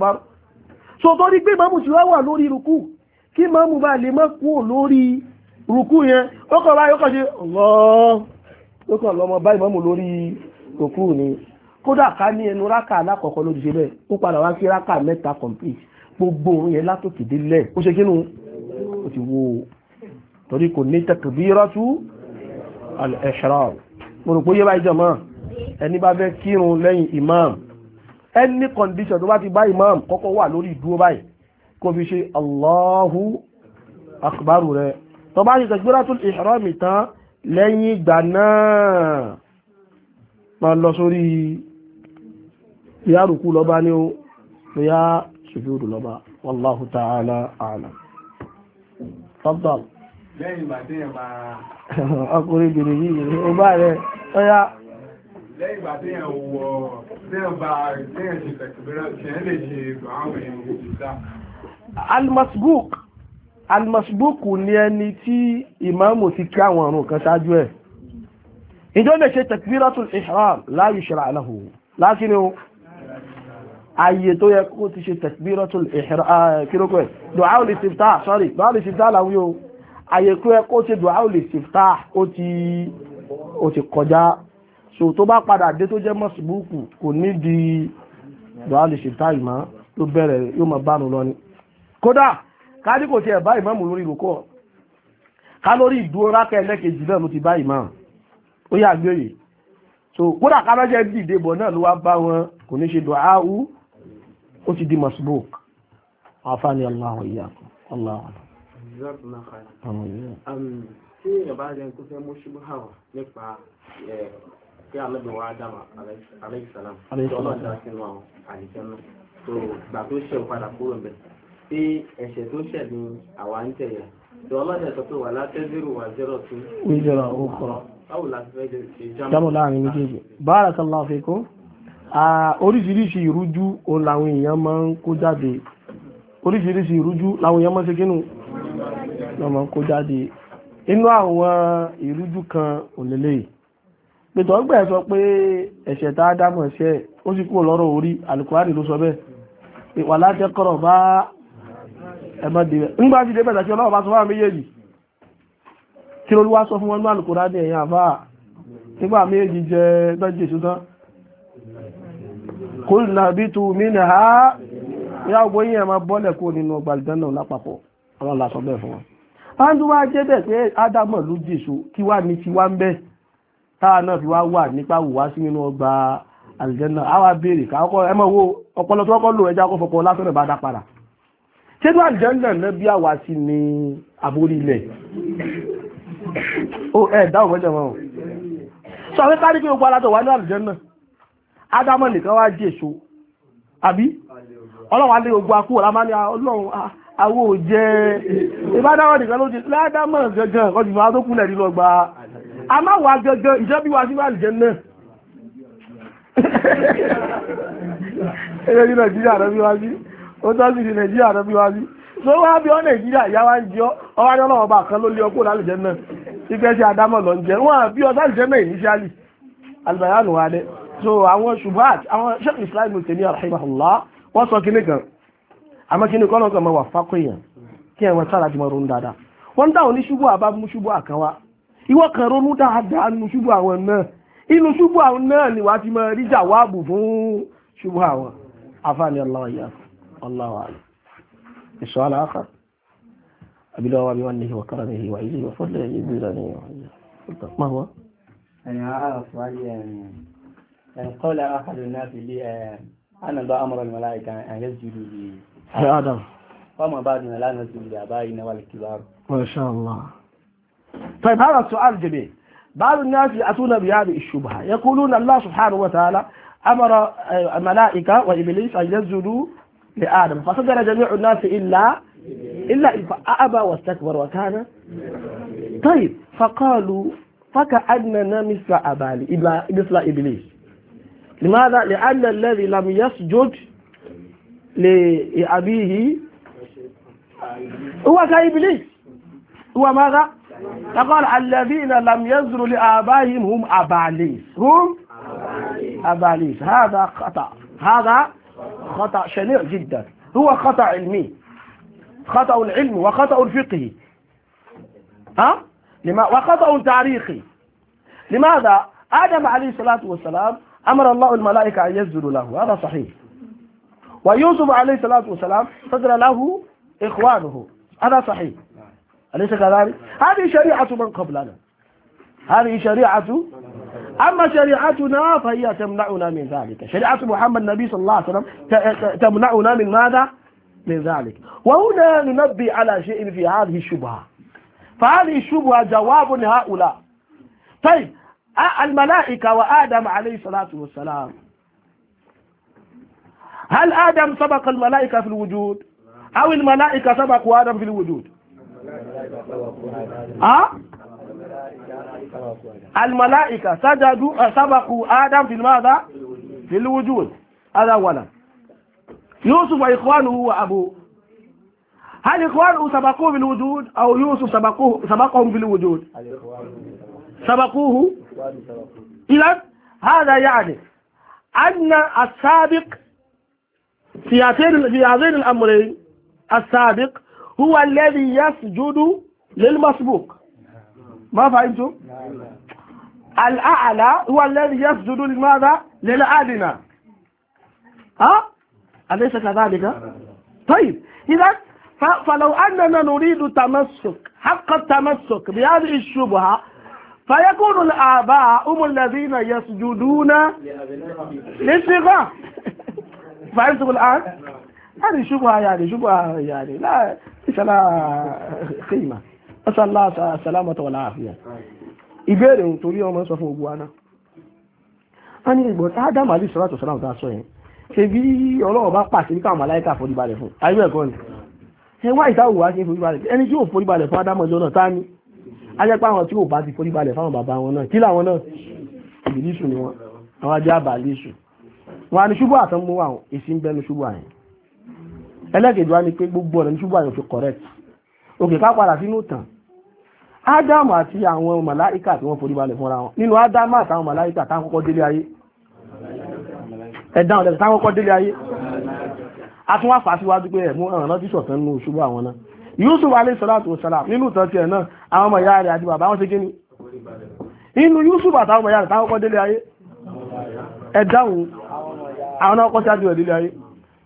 gbogbo òun yẹn látòkè délẹ̀ ó ṣe kínú ó ti wó o torí kò ní takbiratu al-ihram mo rò pé yé báyìí jọmọ́ ẹni bá fẹ́ kírun lẹ́yìn imam any condition tó bá ti bá imam kọ́kọ́ wà lórí ìdúró báyìí kó fi ṣe Allahu akbar rẹ̀ tó bá ṣe takbiratu al-ihram tán lẹ́yìn ìgbà náà máa lọ sórí ìyá ta'ala a'lam Fọ́bọ̀l. Lẹ́yìn ìgbà tí yẹn máa... Ọkùnrin bèrè yìí yìí, ó bá rẹ̀, ó yá. Lẹ́yìn ìgbà tí yẹn wọ, tí yẹn bá tí yẹn ṣe tẹ̀kùbẹ̀rẹ̀, ṣe yẹn lè ṣe àwọn èèyàn òkúta. Al-Masbuk. Al-Masbuk ni ẹni tí ìmáàmù ti kí àwọn ọ̀run kan ṣáájú ẹ̀. Ìjọ́ lè ṣe tẹ̀kùbẹ̀rẹ̀ tún ìhram láyé ṣe ayé tó yẹ kó ti ṣe takbiratul ihram ah, kírókò ẹ̀ du'a ul istiftah sorry du'a ul istiftah làwọn yóò ayé tó yẹ kó ṣe du'a ul istiftah ó ti kọjá so tó bá di du'a ul istiftah ìmọ̀ tó bẹ̀rẹ̀ yóò máa bánu lọ ni kódà káàdì kò tiẹ̀ bá ìmáàmù lórí ìrókò ká lórí ìdúró rákẹ́ ẹlẹ́kejì náà ló ti bá ìmáàmù ó yà gbé yìí so kódà ká lọ́jẹ́ náà ló wá bá wọn kò ní ṣe du'a ú ó ti di masbuk àfáàní aláwọ̀ ìyá aláwọ̀ tí ìrọ̀bá jẹ́ kó fẹ́ mú ṣubú hàn nípa pé alábẹ̀wò adam aleyhisselam tí ọlọ́dà sínú àìsàn náà tó gbà tó ṣe padà kúrò ń tí ẹ̀ṣẹ̀ tó ṣẹ̀ ní àwa ń tẹ̀yẹ̀ tí ọlọ́dà sọ pé wà látẹ́zírù wà zero two. wíjọra ó kọ. báwo la ti fẹ́ ṣe jámù láàrin méjèèjì barakallahu fikum. oríṣiríṣi ìrújú o làwọn èèyàn ma ń kó jáde oríṣiríṣi ìrújú èèyàn ń kínú ń kó inú àwọn ìrújú kan òlélẹ̀ pètò ọgbẹ́ sọ pé ẹ̀ṣẹ̀ tá a dámọ̀ ṣẹ́ ó sì kúrò lọ́rọ̀ orí alukurani ló sọ bẹ́ẹ̀ ìwà láti kọ̀rọ̀ bá ńgbà ti ọlọ́wọ́ bá sọ fún sọ fún wọn ní ẹ̀yìn àfáà nígbà jẹ́ gbẹ́jì ìṣúná qulna bitu minha ya gbọ́ yín ẹ máa bọ́lẹ̀ kó nínú ọgbà àlùjánnà lápapọ̀ àwọn làṣọ bẹ́ẹ̀ fún wọn. a ń tún wá jẹ́ bẹ̀ pé ádámọ̀ ló jèso kí wá ní tiwa ń bẹ́ táà náà fi wá wà nípa wùwá sí nínú ọgbà àlùjánnà á béèrè káwọ́kọ́ ẹ mọ̀ wo ọpọlọ tó kọ́ lò ẹja kó fọpọ lásán bá dá padà. ní àlùjánnà náà ni àbórí ilẹ̀ ó ẹ̀ dáhùn mọ́jọ́ mọ́ sọ wípé ká ní kí gbogbo alátọ̀ ádámọ̀ nìkan wá jẹ́ èso àbí ọlọ́run alẹ́ ogun akúwọ̀ lámá ní ah, ọlọ́run ah, awó jẹ́ ìbádámọ̀ nìkan ló jẹ́ ládámọ̀ gangan ọdún ìfọwọ́ tó kúnlẹ̀ nínú ọgbà amáwà gangan ìjọbí wa síwá ìjẹ náà ẹgbẹ́ ní nàìjíríà rẹ̀ bí wá sí ó tọ́ sí ní nàìjíríà rẹ̀ bí wá sí tó wá bí ọ́ nàìjíríà ìyá wa ń jẹ́ ọwá ní ọlọ́run ọba kan ló lé ọkọ̀ lálùjẹ́ náà ìgbẹ́ sí adámọ̀ lọ ń jẹ́ wọ́n bí ọ sálùjẹ́ náà ìníṣálì alùbáyánù wa dẹ́ so àwọn ṣùgbọ́n àwọn ṣẹ́kì islam tèmi àrẹ́bàlá wọ́n sọ kí nìkan àmọ́ kí ní kọ́ lọ́kàn máa wà fákó èèyàn kí ẹ̀wọ̀n sára ti máa ronú dáadáa wọ́n ń dáhùn ní ṣubú àbá mú ṣubú àkànwá ìwọ́ kan ronú dáadáa nínú ṣubú àwọn náà inú ṣubú àwọn náà ni wàá ti máa rí jàwáàbù fún ṣubú àwọn afáàní aláwàyà aláwà ìṣọ́ aláàkà abidawa bí wọ́n ní ìwà kára ní ìwà ilé ìwà fọ́lẹ̀ ìgbéra ní ìwà ilé ìwà يعني قال أحد الناس لي آه، أنا ذا أمر الملائكة أن يسجدوا لي آدم فما بعدنا لا نسجد لآبائنا والكبار ما شاء الله طيب هذا السؤال جميل بعض الناس يأتون بهذه الشبهة يقولون الله سبحانه وتعالى أمر آه، الملائكة وإبليس أن يسجدوا لآدم فصدر جميع الناس إلا إلا أبى واستكبر وكان طيب فقالوا فكأننا مثل أبالي مثل إبليس لماذا؟ لأن الذي لم يسجد لأبيه هو كإبليس هو ماذا؟ فقال الذين لم يزروا لآبائهم هم أباليس هم أباليس هذا خطأ هذا خطأ شنيع جدا هو خطأ علمي خطأ العلم وخطأ الفقه ها؟ وخطأ تاريخي لماذا؟ آدم عليه الصلاة والسلام أمر الله الملائكة أن يسجدوا له هذا صحيح ويوسف عليه الصلاة والسلام سجد له إخوانه هذا صحيح أليس كذلك؟ هذه شريعة من قبلنا هذه شريعة أما شريعتنا فهي تمنعنا من ذلك شريعة محمد النبي صلى الله عليه وسلم تمنعنا من ماذا؟ من ذلك وهنا ننبي على شيء في هذه الشبهة فهذه الشبهة جواب لهؤلاء طيب آه، الملائكة وآدم عليه الصلاة والسلام هل آدم سبق الملائكة في الوجود أو الملائكة سبق آدم في الوجود ها آه؟ الملائكة سجدوا آه، سبقوا آدم في ماذا في الوجود هذا أولا يوسف وإخوانه وأبوه هل إخوانه سبقوه في الوجود أو يوسف سبقوه سبقهم في الوجود سبقوه إذا هذا يعني أن السابق في في هذين الأمرين السابق هو الذي يسجد للمسبوق ما فهمتم؟ الأعلى هو الذي يسجد لماذا؟ للأدنى ها؟ أليس كذلك؟ طيب إذا فلو أننا نريد تمسك حق التمسك بهذه الشبهة فيكون الآباء هم الذين يسجدون للصغار فهمتم الآن؟ هذه شبهة يعني شبهة يعني لا ليس لها قيمة أسأل الله السلامة والعافية ìbéèrè ohun torí ọmọ sọ fún ogun aná a ní ìgbọ̀n Ádámù alì sọ́lá tọ̀sọ́lá ọ̀tá sọ yẹn ṣe bí Ọlọ́run bá pàṣẹ bí káwọn aláìka foríbalẹ̀ fún ayé ẹ̀kọ́ ni ẹ wá ìtawò wá sí foríbalẹ̀ ẹni tí ò foríbalẹ̀ fún Ádámù ọjọ́ náà tá ní ajẹ́pá àwọn tí ò bá ti forí balẹ̀ fáwọn bàbá wọn náà kí làwọn náà ìbìlísù ni wọn àwọn ajá àbàlísù wọn ni ṣubú àtọ́ mú àwọn èsì ń bẹnu ṣubú àyìn ẹlẹ́gẹ̀dẹ̀ wa ni pé gbogbo ọ̀nà ní ṣubú àyìn fi correct òkè ká padà sínú tàn ádámù àti àwọn màláìkà tí wọ́n forí balẹ̀ fúnra wọn nínú ádámù àtàwọn màláìkà táwọn kọ́kọ́ délé ayé ẹ̀dáhùn Yusuf alayhi salatu wasalam nínú ìtàn tiẹ̀ náà àwọn ọmọ ìyá rẹ̀ àti bàbá wọn ṣe kí ni inú Yusuf àtàwọn ọmọ ìyá rẹ̀ táwọn ọkọ̀ délé ayé ẹ dáhùn àwọn ọkọ̀ ṣáájú rẹ̀ délé ayé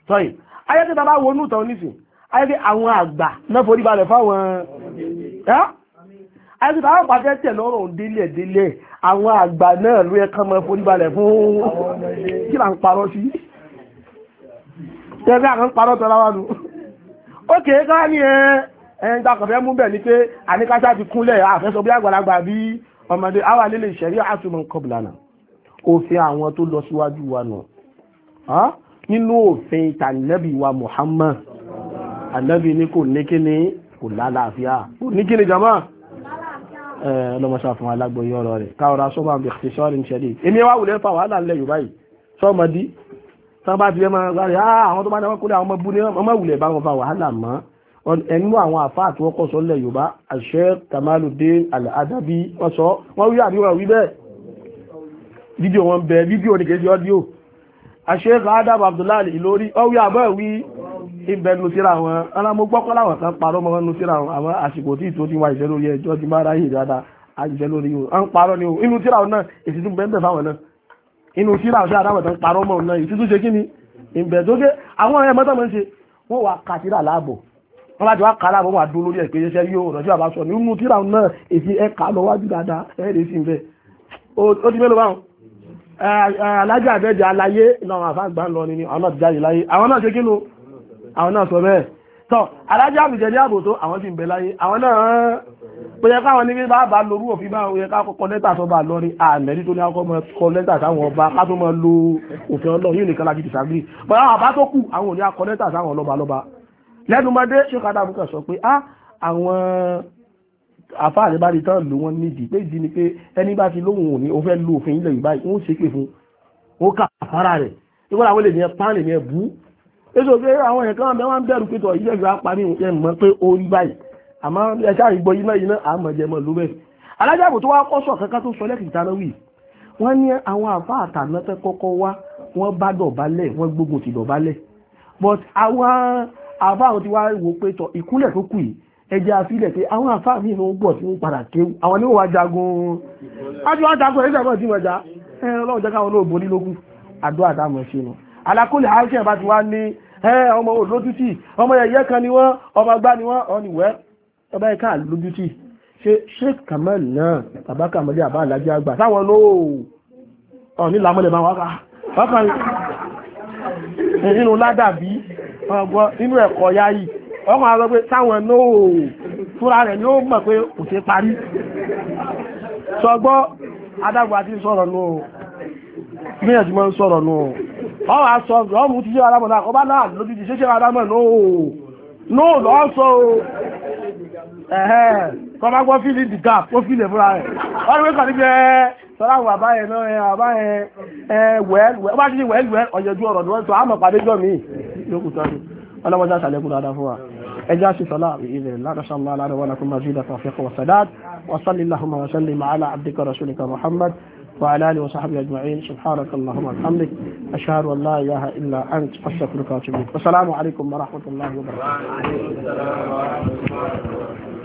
sọyìn ayẹ́kẹ́ tàbá wo inú ìtàn nísìn ayẹ́kẹ́ àwọn àgbà náà forí balẹ̀ fáwọn ayẹ́kẹ́ tàbá pàṣẹ tẹ̀ lọ́rọ̀ délé ẹ̀ délé ẹ̀ àwọn àgbà náà ló yẹ kán mọ́ forí balẹ̀ fún kí là ń parọ́ sí ẹgbẹ́ àwọn parọ́ tọ́lá wa nù ó kèé ká ní ẹ ẹni takọ̀fẹ́ mú bẹ̀ ni pé àníkáṣá ti kúnlẹ̀ àfẹ́sọ bí àgbàlagbà bí ọmọdé àwa lè lè ṣẹ̀rí àtúmọ̀ kọbìlànà òfin àwọn tó lọ síwájú wa nù nínú òfin tànẹ́bì wa Muhammad ànẹ́bì ní kò ní kíni kò lálàáfíà kò ní kíni jama ọlọ́mọṣà fún alágbóyọ́ rẹ̀ káwọ́ra sọ́mọ́ àbẹ̀ṣẹ́ṣọ́rin ṣẹ̀rí èmi wá tán bá ti fẹ́ máa sáré ah, àwọn tó bá dáwọ́ kólé àwọn ọmọ búni ọmọ ìwùlẹ̀ bá wọn fa wàhálà mọ́ ẹnu àwọn àfáà tí wọ́n kọ́ sọ Yorùbá àṣẹ Kamaluddin Al-Adabi wọ́n sọ wọ́n wí àbí wọ́n wí bẹ́ẹ̀ fídíò wọn bẹ fídíò ní kejì ọdíò àṣẹ Adab Abdullahi Ìlórí wọ́n wí àbọ̀ wí ibẹ̀ nu síra wọn alámúgbọ́kọ́ láwọn kan parọ́ mọ́ nu síra wọn àwọn àsìkò tí ìtò ti wá ìṣẹ́ lórí ti máa ráyè dáadáa àìṣẹ́ wọn à ń parọ́ ni inú síra wọn náà èsì tún bẹ́ẹ̀ bẹ́ẹ̀ fáwọn náà inú síra ọ̀sẹ̀ àdáwọ̀tán parọ́ mọ́ ọ̀nà ìtí ṣe kí ni ìbẹ̀dógé àwọn ọ̀rẹ́ mọ́tọ́ mọ́ ṣe wọ́n wà ká síra láàbọ̀ wọ́n láti wá ká láàbọ̀ wà dúró lórí ẹ̀pẹ́ iṣẹ́ yóò rọ̀jú àbá sọ nínú síra náà èsì ẹ̀ka lọ wájú dáadáa ẹ̀rẹ́ sí ibẹ̀ ó ti mélòó báwọn alájà àbẹ́jà ni àwọn náà ti jáde láyé àwọn náà ṣe kí nu àwọn náà sọ bẹ́ẹ̀ tọ́ alájà àbùjẹ́ ní àbòtó àwọn sì ń kò yẹ káwọn níbi bá bá lorú òfin bá yẹ ká kọ lẹ́tà sọ́ba lọ́rí àmẹ́rí tó ní akọ́ mọ kọ lẹ́tà sáwọn ọba ká tó mọ lo òfin ọlọ́run yìí nìkan láti disagree bọ́n àwọn àbá tó kù àwọn ò ní akọ lẹ́tà sáwọn ọlọ́ba lọ́ba lẹ́nu mọ́dé ṣókàdá àbúkà sọ pé ah àwọn àfáàlẹ́ bá di tán lò wọ́n nídìí pé ìdí ni pé ẹni bá ti lóhùn òní ó fẹ́ lo òfin ilẹ̀ yìí wọ́n wọ́n bẹ̀rù pé tọ̀ àmọ́ ẹja ìgbọ́ iná iná àmọ́ jẹmọ́ ló bẹ́ẹ̀ alájàbò tó wá kọ́sọ̀ kankan tó sọ lẹ́kìtì anáwì wọ́n ní àwọn àfa àtàná tẹ́ kọ́kọ́ wá wọ́n bá dọ̀bálẹ̀ wọ́n gbógun ti dọ̀bálẹ̀ but àwọn àfa àwọn ti wá wò pé tọ ìkúnlẹ̀ tó kù yìí ẹjẹ́ àfilẹ̀ pé àwọn àfa mi ló ń gbọ̀ tí wọ́n padà kéwù àwọn ni wọ́n wá jagun wọ́n ti wá jagun ẹ̀rí sẹ́kọ̀ọ́ tí wọ́n já ẹ ọlọ́run jẹ́ káwọn olóògbé onílógún àdó àdámọ̀ ṣe nù alákòlè àìsàn bá ti wá ní ọmọ olótútì ọmọ ẹ̀yẹ kan ni wọ́n ọmọ gbá ni wọ́n ọ̀nìwẹ́ ọba ẹ̀ka lójútì ṣe sheikh náà bàbá kamal àbá alájẹ àgbà sáwọn lóò ọ̀ ní làmọ́lẹ̀ máa wákà wákà nínú ládàbí ọgbọ́n nínú ẹ̀kọ́ yáyì ọkùnrin àwọn pé sáwọn náà fúra rẹ̀ ni ó mọ̀ pé kò ṣe parí sọgbọ́n adágbà ti sọ̀rọ̀ nù tọ́ bá gbọ́ fílì the gap ó fílì fúnra rẹ̀ wọ́n ní wí kàn níbi ẹ sọ́lá àwọn àbá yẹn náà ẹ àbá yẹn ẹ wẹ́ẹ́lì wẹ́ẹ́lì wọ́n ti ní wẹ́ẹ́lì wẹ́ẹ́lì ọ̀yẹ̀dú ọ̀rọ̀ ni wọ́n sọ àmọ̀ pàdé jọ mi lókù tọ́ ni ọlọ́mọdé àṣàlẹ̀kùn dáadáa fún wa ẹjá sí sọ́lá ìrìn الله لا شاء الله لا وعلى آله وصحبه أجمعين سبحانك اللهم وبحمدك أشهد أن لا إله إلا أنت أستغفرك وأتوب إليك والسلام عليكم ورحمة الله وبركاته